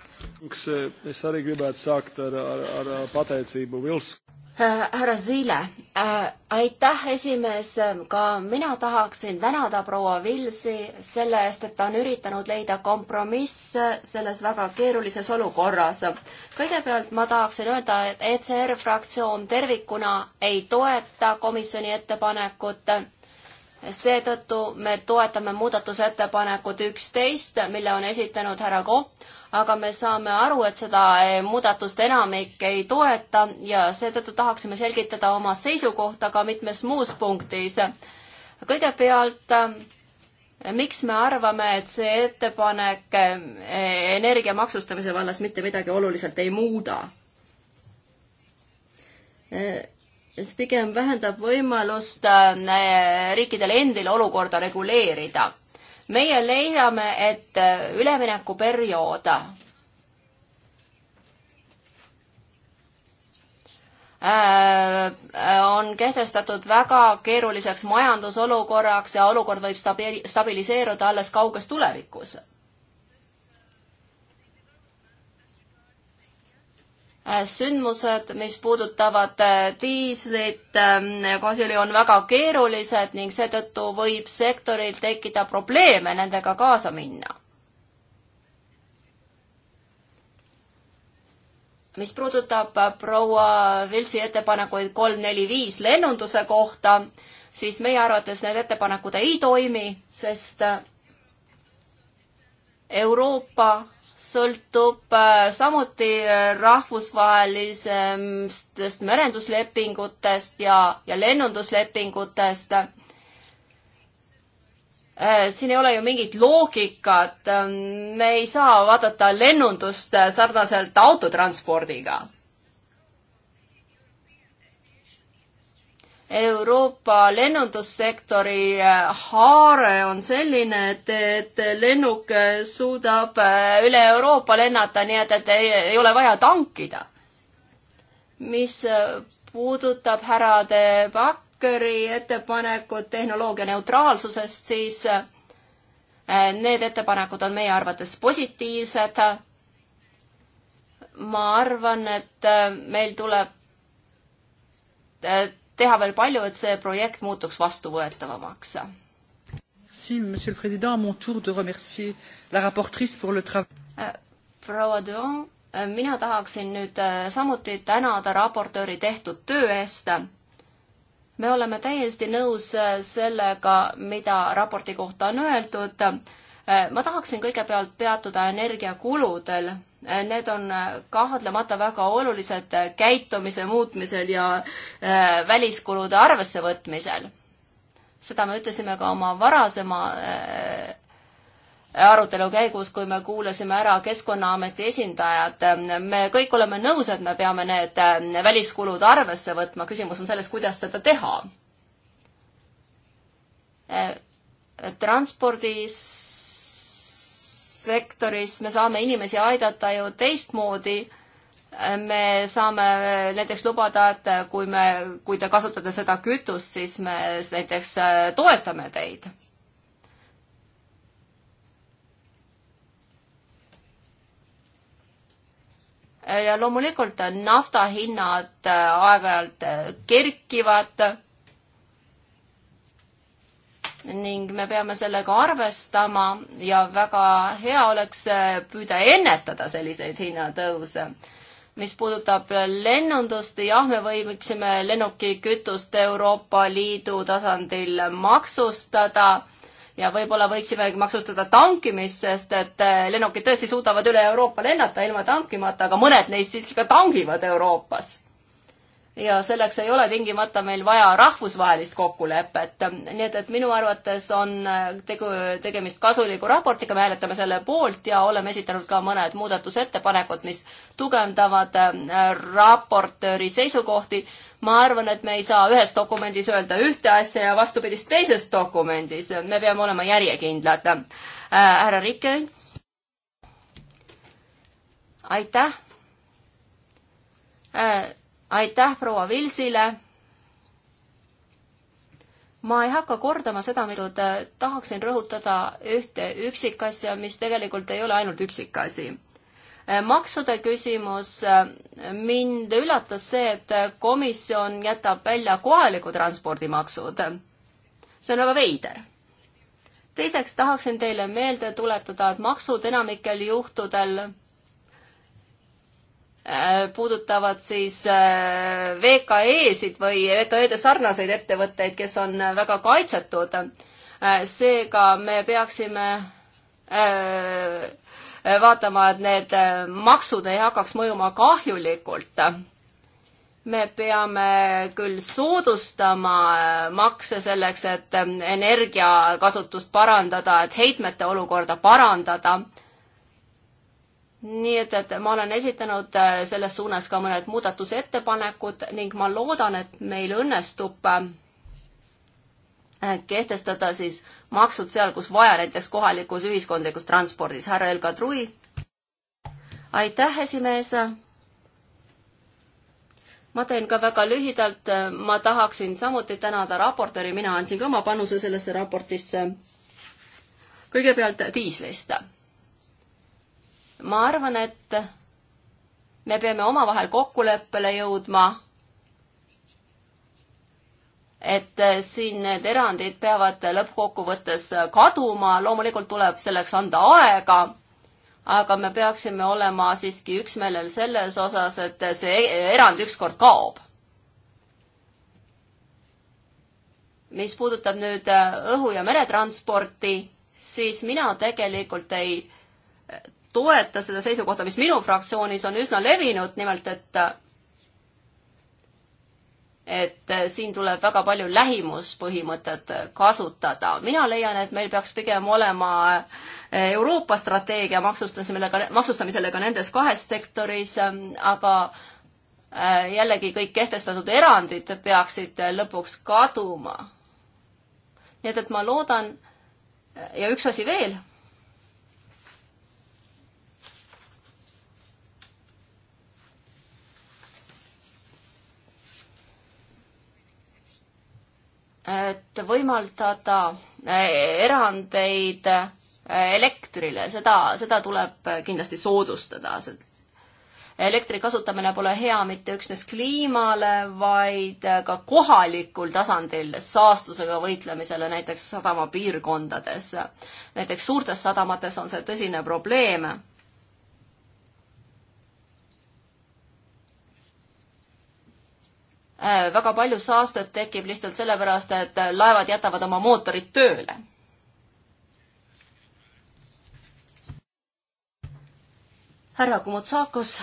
härra Zile, äh, aitäh, esimees, ka mina tahaksin tänada proua Vilsi selle eest, et ta on üritanud leida kompromisse selles väga keerulises olukorras. kõigepealt ma tahaksin öelda, et ECR fraktsioon tervikuna ei toeta komisjoni ettepanekut seetõttu me toetame muudatusettepanekut üksteist, mille on esitanud härra Kopp, aga me saame aru, et seda eh, muudatust enamik ei toeta ja seetõttu tahaksime selgitada oma seisukohta ka mitmes muus punktis. kõigepealt eh, miks me arvame, et see ettepanek eh, energia maksustamise vallas mitte midagi oluliselt ei muuda? siis pigem vähendab võimalust äh, riikidel endil olukorda reguleerida. meie leiame, et äh, üleminekuperiood äh, on kehtestatud väga keeruliseks majandusolukorraks ja olukord võib stabi-, stabiliseeruda alles kauges tulevikus Äh, sündmused, mis puudutavad äh, diislit, ähm, gaasili on väga keerulised ning seetõttu võib sektoril tekkida probleeme nendega kaasa minna. mis puudutab äh, proua Vilsi ettepanekuid kolm, neli, viis lennunduse kohta, siis meie arvates need ettepanekud ei toimi, sest Euroopa sõltub äh, samuti äh, rahvusvahelistest merenduslepingutest ja, ja lennunduslepingutest. Äh, siin ei ole ju mingit loogikat. me ei saa vaadata lennundust sarnaselt autotranspordiga Euroopa lennundussektori äh, haare on selline, et, et lennuk äh, suudab äh, üle Euroopa lennata, nii et, et ei, ei ole vaja tankida. mis puudutab härra De Bakkeri ettepanekut tehnoloogia neutraalsusest, siis need ettepanekud on meie arvates positiivsed. ma arvan, et meil tuleb et teha veel palju, et see projekt muutuks vastuvõetavamaks. Äh, proua Duong, äh, mina tahaksin nüüd äh, samuti tänada raportööri tehtud töö eest me oleme täiesti nõus sellega, mida raporti kohta on öeldud Äh, ma tahaksin kõigepealt peatuda energiakuludel. Äh, need on äh, kahtlemata väga olulised käitumise muutmisel ja väliskulude arvesse võtmisel. seda me ütlesime ka oma varasema arutelu käigus, kui me kuulasime ära Keskkonnaameti esindajad, me kõik oleme nõus, et me peame need väliskulud arvesse võtma, küsimus on selles, kuidas seda teha. transpordis sektoris me saame inimesi aidata ju teistmoodi. me saame näiteks lubada, et kui me, kui te kasutate seda kütust, siis me näiteks äh, toetame teid ja loomulikult nafta hinnad äh, aeg-ajalt äh, kerkivad ning me peame sellega arvestama ja väga hea oleks eh, püüda ennetada selliseid hinnatõuse. mis puudutab lennundust, jah, me võiksime lennukikütust Euroopa Liidu tasandil maksustada ja võib-olla võiksime maksustada tankimist, sest et eh, lennukid tõesti suudavad üle Euroopa lennata ilma tankimata, aga mõned neist siiski ka tangivad Euroopas ja selleks ei ole tingimata meil vaja rahvusvahelist kokkulepet. nii et, et minu arvates on äh, tegu, tegemist kasuliku raportiga, me hääletame selle poolt ja oleme esitanud ka mõned muudatusettepanekud, mis tugevdavad äh, raportööri seisukohti. ma arvan, et me ei saa ühes dokumendis öelda ühte asja ja vastupidist teises dokumendis, me peame olema järjekindlad äh,. härra Rikke. aitäh äh, aitäh proua Vilsile. ma ei hakka kordama seda, mida tahaksin rõhutada ühte üksikasja, mis tegelikult ei ole ainult üksikasi. Eh, maksude küsimus, eh, mind üllatas see, et komisjon jätab välja kohaliku transpordimaksud. see on väga veider teiseks tahaksin teile meelde tuletada, et maksud enamikel juhtudel Äh, puudutavad siis äh, VKE-sid või VKE-de sarnaseid ettevõtteid, kes on äh, väga kaitsetud. seega me peaksime vaatama, et need maksud ei hakkaks mõjuma kahjulikult. me peame küll soodustama makse selleks, et energiakasutust parandada, et heitmete olukorda parandada nii et, et ma olen esitanud äh, selles suunas ka mõned muudatusettepanekud ning ma loodan, et meil õnnestub äh, äh, kehtestada siis maksud seal, kus vaja, näiteks kohalikus ühiskondlikus transpordis. härra Elka Trui. aitäh, esimees. ma teen ka väga lühidalt, ma tahaksin samuti tänada raportööri, mina andsin ka oma panuse sellesse raportisse. kõigepealt diislist ma arvan, et me peame omavahel kokkuleppele jõudma, et siin need erandid peavad lõppkokkuvõttes kaduma, loomulikult tuleb selleks anda aega, aga me peaksime olema siiski üksmeelel selles osas, et see erand ükskord kaob. mis puudutab nüüd õhu- ja meretransporti, siis mina tegelikult ei toeta seda seisukohta, mis minu fraktsioonis on üsna levinud, nimelt et et siin tuleb väga palju lähimuspõhimõtet kasutada. mina leian, et meil peaks pigem olema Euroopa strateegia maksustamisele, maksustamisele ka nendes kahes sektoris, aga äh, jällegi kõik kehtestatud erandid peaksid lõpuks kaduma. nii et, et ma loodan ja üks asi veel et võimaldada eh, erandeid eh, elektrile, seda, seda tuleb kindlasti soodustada. elektri kasutamine pole hea mitte üksnes kliimale, vaid ka kohalikul tasandil saastusega võitlemisele, näiteks sadamapiirkondades. näiteks suurtes sadamates on see tõsine probleem Äh, väga palju saastet tekib lihtsalt sellepärast, et laevad jätavad oma mootorid tööle. härra Kumutsakos,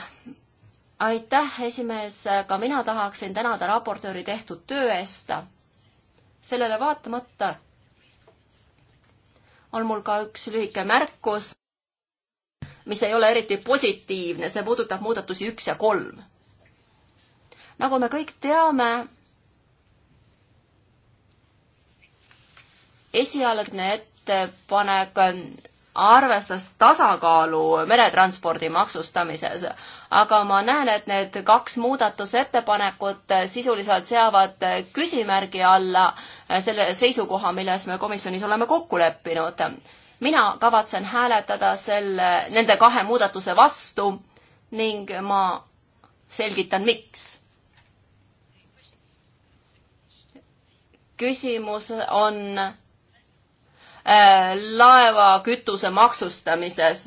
aitäh, esimees, ka mina tahaksin tänada raportööri tehtud töö eest. sellele vaatamata on mul ka üks lühike märkus, mis ei ole eriti positiivne, see puudutab muudatusi üks ja kolm nagu me kõik teame, esialgne ettepanek arvestas tasakaalu meretranspordi maksustamises, aga ma näen, et need kaks muudatusettepanekut sisuliselt seavad küsimärgi alla selle seisukoha, milles me komisjonis oleme kokku leppinud. mina kavatsen hääletada selle, nende kahe muudatuse vastu ning ma selgitan, miks küsimus on äh, laeva kütuse maksustamises.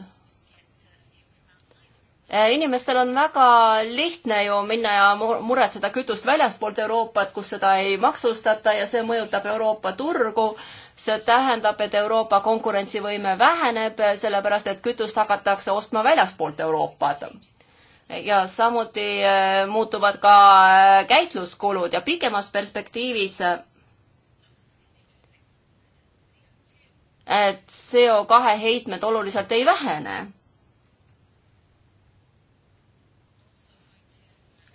Äh, inimestel on väga lihtne ju minna ja muretseda kütust väljaspoolt Euroopat, kus seda ei maksustata ja see mõjutab Euroopa turgu. see tähendab, et Euroopa konkurentsivõime väheneb, äh, sellepärast et kütust hakatakse ostma väljaspoolt Euroopat ja samuti muutuvad ka käitluskulud ja pikemas perspektiivis et CO2 heitmed oluliselt ei vähene.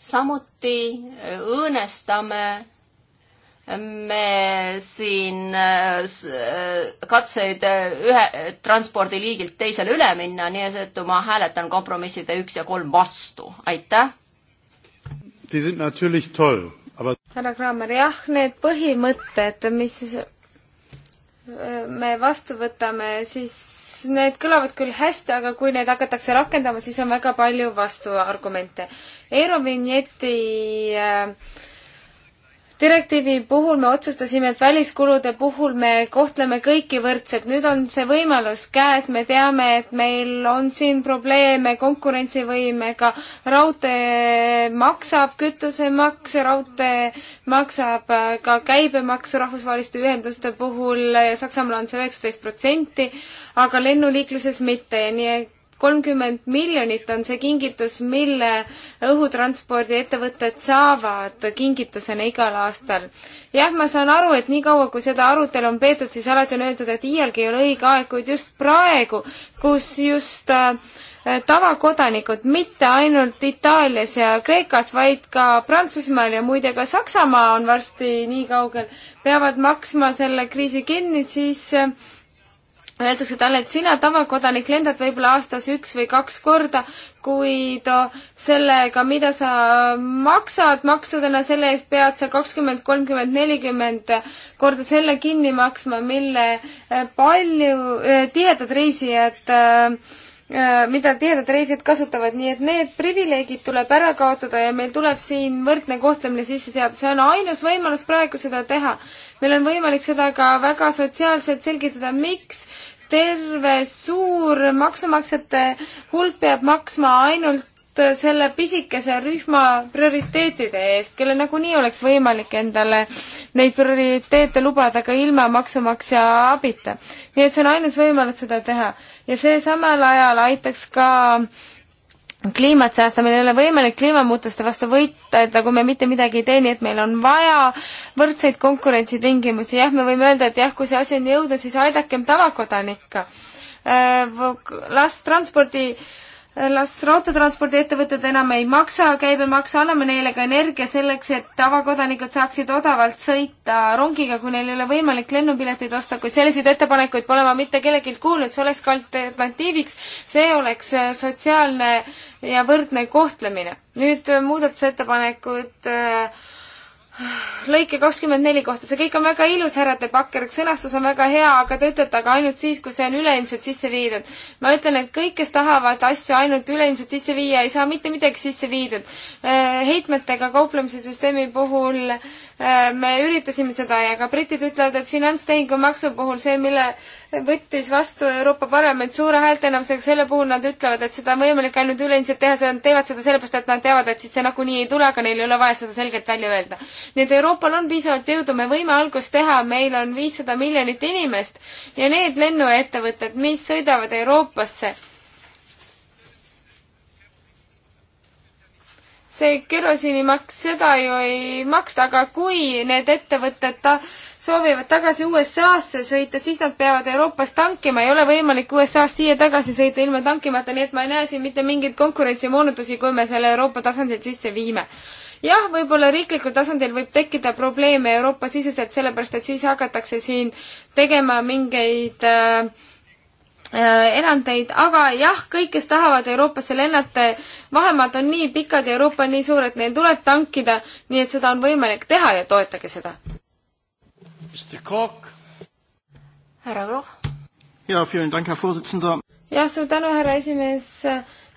samuti õõnestame me siin äh, katseid äh, ühe transpordiliigilt teisele üle minna, nii seetõttu ma hääletan kompromisside üks ja kolm vastu, aitäh. härra Kraamer, jah, need põhimõtted, mis me vastu võtame, siis need kõlavad küll hästi, aga kui neid hakatakse rakendama, siis on väga palju vastuargumente. Eurovinjeti äh, direktiivi puhul me otsustasime, et väliskulude puhul me kohtleme kõiki võrdselt, nüüd on see võimalus käes, me teame, et meil on siin probleeme konkurentsivõimega, raudtee maksab kütusemaks, raudtee maksab äh, ka käibemaksu rahvusvaheliste ühenduste puhul, Saksamaal on see üheksateist protsenti, aga lennuliikluses mitte ja nii et kolmkümmend miljonit on see kingitus, mille õhutranspordiettevõtted saavad kingitusena igal aastal. jah, ma saan aru, et niikaua, kui seda arutelu on peetud, siis alati on öeldud, et iialgi ei ole õige aeg, kuid just praegu, kus just äh, tavakodanikud mitte ainult Itaalias ja Kreekas, vaid ka Prantsusmaal ja muide ka Saksamaa on varsti nii kaugel, peavad maksma selle kriisi kinni, siis äh, öeldakse talle, et sina, tavakodanik, lendad võib-olla aastas üks või kaks korda, kuid äh, sellega, mida sa maksad maksudena, selle eest pead sa kakskümmend, kolmkümmend, nelikümmend korda selle kinni maksma, mille äh, palju äh, tihedad reisijad mida tihedad reisijad kasutavad, nii et need privileegid tuleb ära kaotada ja meil tuleb siin võrdne kohtlemine sisse seada, see on ainus võimalus praegu seda teha. meil on võimalik seda ka väga sotsiaalselt selgitada, miks terve suur maksumaksjate hulk peab maksma ainult selle pisikese rühma prioriteetide eest, kelle nagunii oleks võimalik endale neid prioriteete lubada ka ilma maksumaksja abita. nii et see on ainus võimalus seda teha ja see samal ajal aitaks ka äh, kliimat säästa, meil ei ole võimalik kliimamuutuste vastu võitleda, kui me mitte midagi ei tee, nii et meil on vaja võrdseid konkurentsitingimusi, jah, me võime öelda, et jah, kui see asi on jõudnud, siis aidakem tavakodanikku. Äh, Las transpordi äh, las raudteetranspordiettevõtted enam ei maksa käibemaksu, anname neile ka energia selleks, et tavakodanikud saaksid odavalt sõita rongiga, kui neil ei ole võimalik lennupileteid osta, kuid selliseid ettepanekuid pole ma mitte kellelgi kuulnud, see oleks ka alternatiiviks, see oleks äh, sotsiaalne ja võrdne kohtlemine. nüüd äh, muudatusettepanekud äh, lõike kakskümmend neli kohta, see kõik on väga ilus, härra De Backer, sõnastus on väga hea, aga te ütlete, aga ainult siis, kui see on üleilmselt sisse viidud. ma ütlen, et kõik, kes tahavad asju ainult üleilmselt sisse viia, ei saa mitte midagi sisse viidud. Äh, heitmetega kauplemise süsteemi puhul Äh, me üritasime seda ja ka britid ütlevad, et finantstehingumaksu puhul see, mille võttis vastu Euroopa Parlament suure häälteenamusega, selle puhul nad ütlevad, et seda on võimalik ainult üleilmselt teha, seda nad teevad seda sellepärast, et nad teavad, et siis see nagunii ei tule, aga neil ei ole vaja seda selgelt välja öelda. nii et Euroopal on piisavalt jõudu, me võime algust teha, meil on viissada miljonit inimest ja need lennuettevõtted, mis sõidavad Euroopasse see kerosiinimaks, seda ju ei maksta, aga kui need ettevõtted ta soovivad tagasi USA-sse sõita, siis nad peavad Euroopas tankima, ei ole võimalik USA-st siia tagasi sõita ilma tankimata, nii et ma ei näe siin mitte mingeid konkurentsimoonutusi, kui me selle Euroopa tasandil sisse viime jah, võib-olla riiklikul tasandil võib tekkida probleeme Euroopa-siseselt, sellepärast et siis hakatakse siin tegema mingeid äh, Äh, erandeid, aga jah, kõik, kes tahavad Euroopasse lennata, vahemaad on nii pikad ja Euroopa on nii suur, et neil tuleb tankida, nii et seda on võimalik teha ja toetage seda. härra Kroh. jah, suur tänu, härra esimees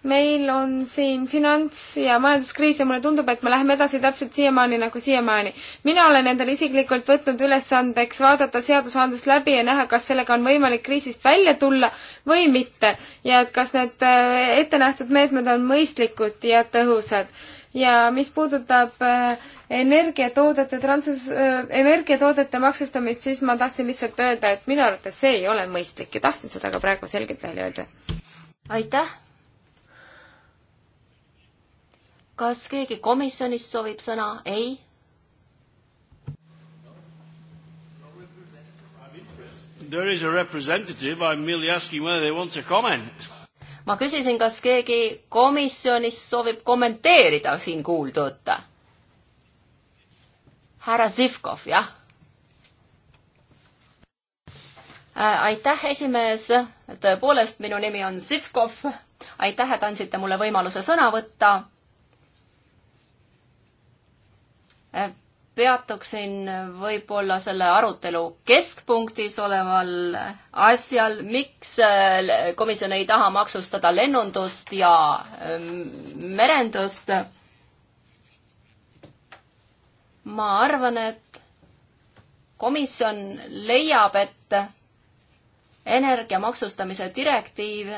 meil on siin finants- ja majanduskriis ja mulle tundub, et me läheme edasi täpselt siiamaani nagu siiamaani. mina olen endale isiklikult võtnud ülesandeks vaadata seadusandlust läbi ja näha, kas sellega on võimalik kriisist välja tulla või mitte ja et kas need äh, ettenähtud meetmed on mõistlikud ja tõhusad. ja mis puudutab äh, energiatoodete transus- äh,, energiatoodete maksustamist, siis ma tahtsin lihtsalt öelda, et minu arvates see ei ole mõistlik ja tahtsin seda ka praegu selgelt välja öelda. aitäh! kas keegi komisjonist soovib sõna? ei? There is a representative, I am merely asking whether they want to comment. ma küsisin, kas keegi komisjonist soovib kommenteerida siin kuuldut. härra Zivkov, jah äh, aitäh, esimees. tõepoolest, minu nimi on Sivkov. aitäh, et andsite mulle võimaluse sõna võtta. peatuksin võib-olla selle arutelu keskpunktis oleval asjal, miks äh, komisjon ei taha maksustada lennundust ja ähm, merendust. ma arvan, et komisjon leiab, et energia maksustamise direktiiv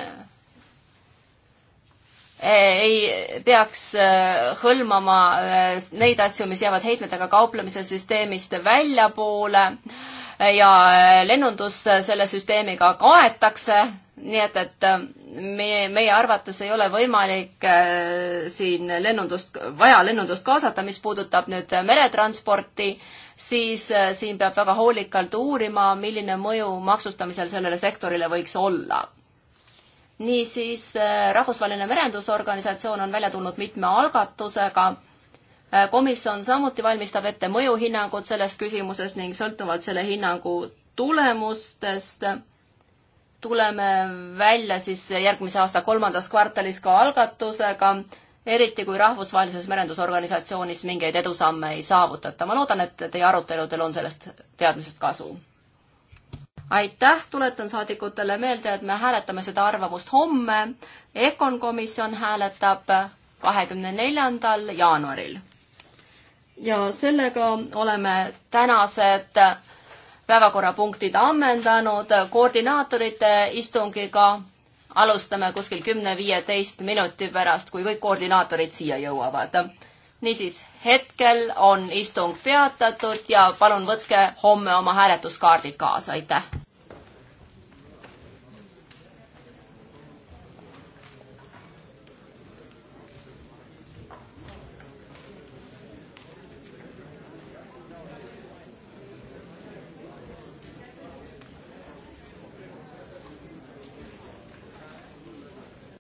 Eh, ei peaks eh, hõlmama eh, neid asju, mis jäävad heitmetega kauplemise süsteemist väljapoole ja lennundus selle süsteemiga kaetakse, nii et, et meie, meie arvates ei ole võimalik siin lennundust, vaja lennundust kaasata, mis puudutab nüüd meretransporti, siis siin peab väga hoolikalt uurima, milline mõju maksustamisel sellele sektorile võiks olla niisiis äh, Rahvusvaheline Merendusorganisatsioon on välja tulnud mitme algatusega. Äh, komisjon samuti valmistab ette mõjuhinnangut selles küsimuses ning sõltuvalt selle hinnangu tulemustest tuleme välja siis järgmise aasta kolmandas kvartalis ka algatusega, eriti kui rahvusvahelises merendusorganisatsioonis mingeid edusamme ei saavutata. ma loodan, et teie aruteludel on sellest teadmisest kasu aitäh, tuletan saadikutele meelde, et me hääletame seda arvamust homme. Econ komisjon hääletab kahekümne neljandal jaanuaril. ja sellega oleme tänased päevakorrapunktid ammendanud koordinaatorite istungiga. alustame kuskil kümne-viieteist minuti pärast, kui kõik koordinaatorid siia jõuavad niisiis, hetkel on istung peatatud ja palun võtke homme oma hääletuskaardid kaasa, aitäh!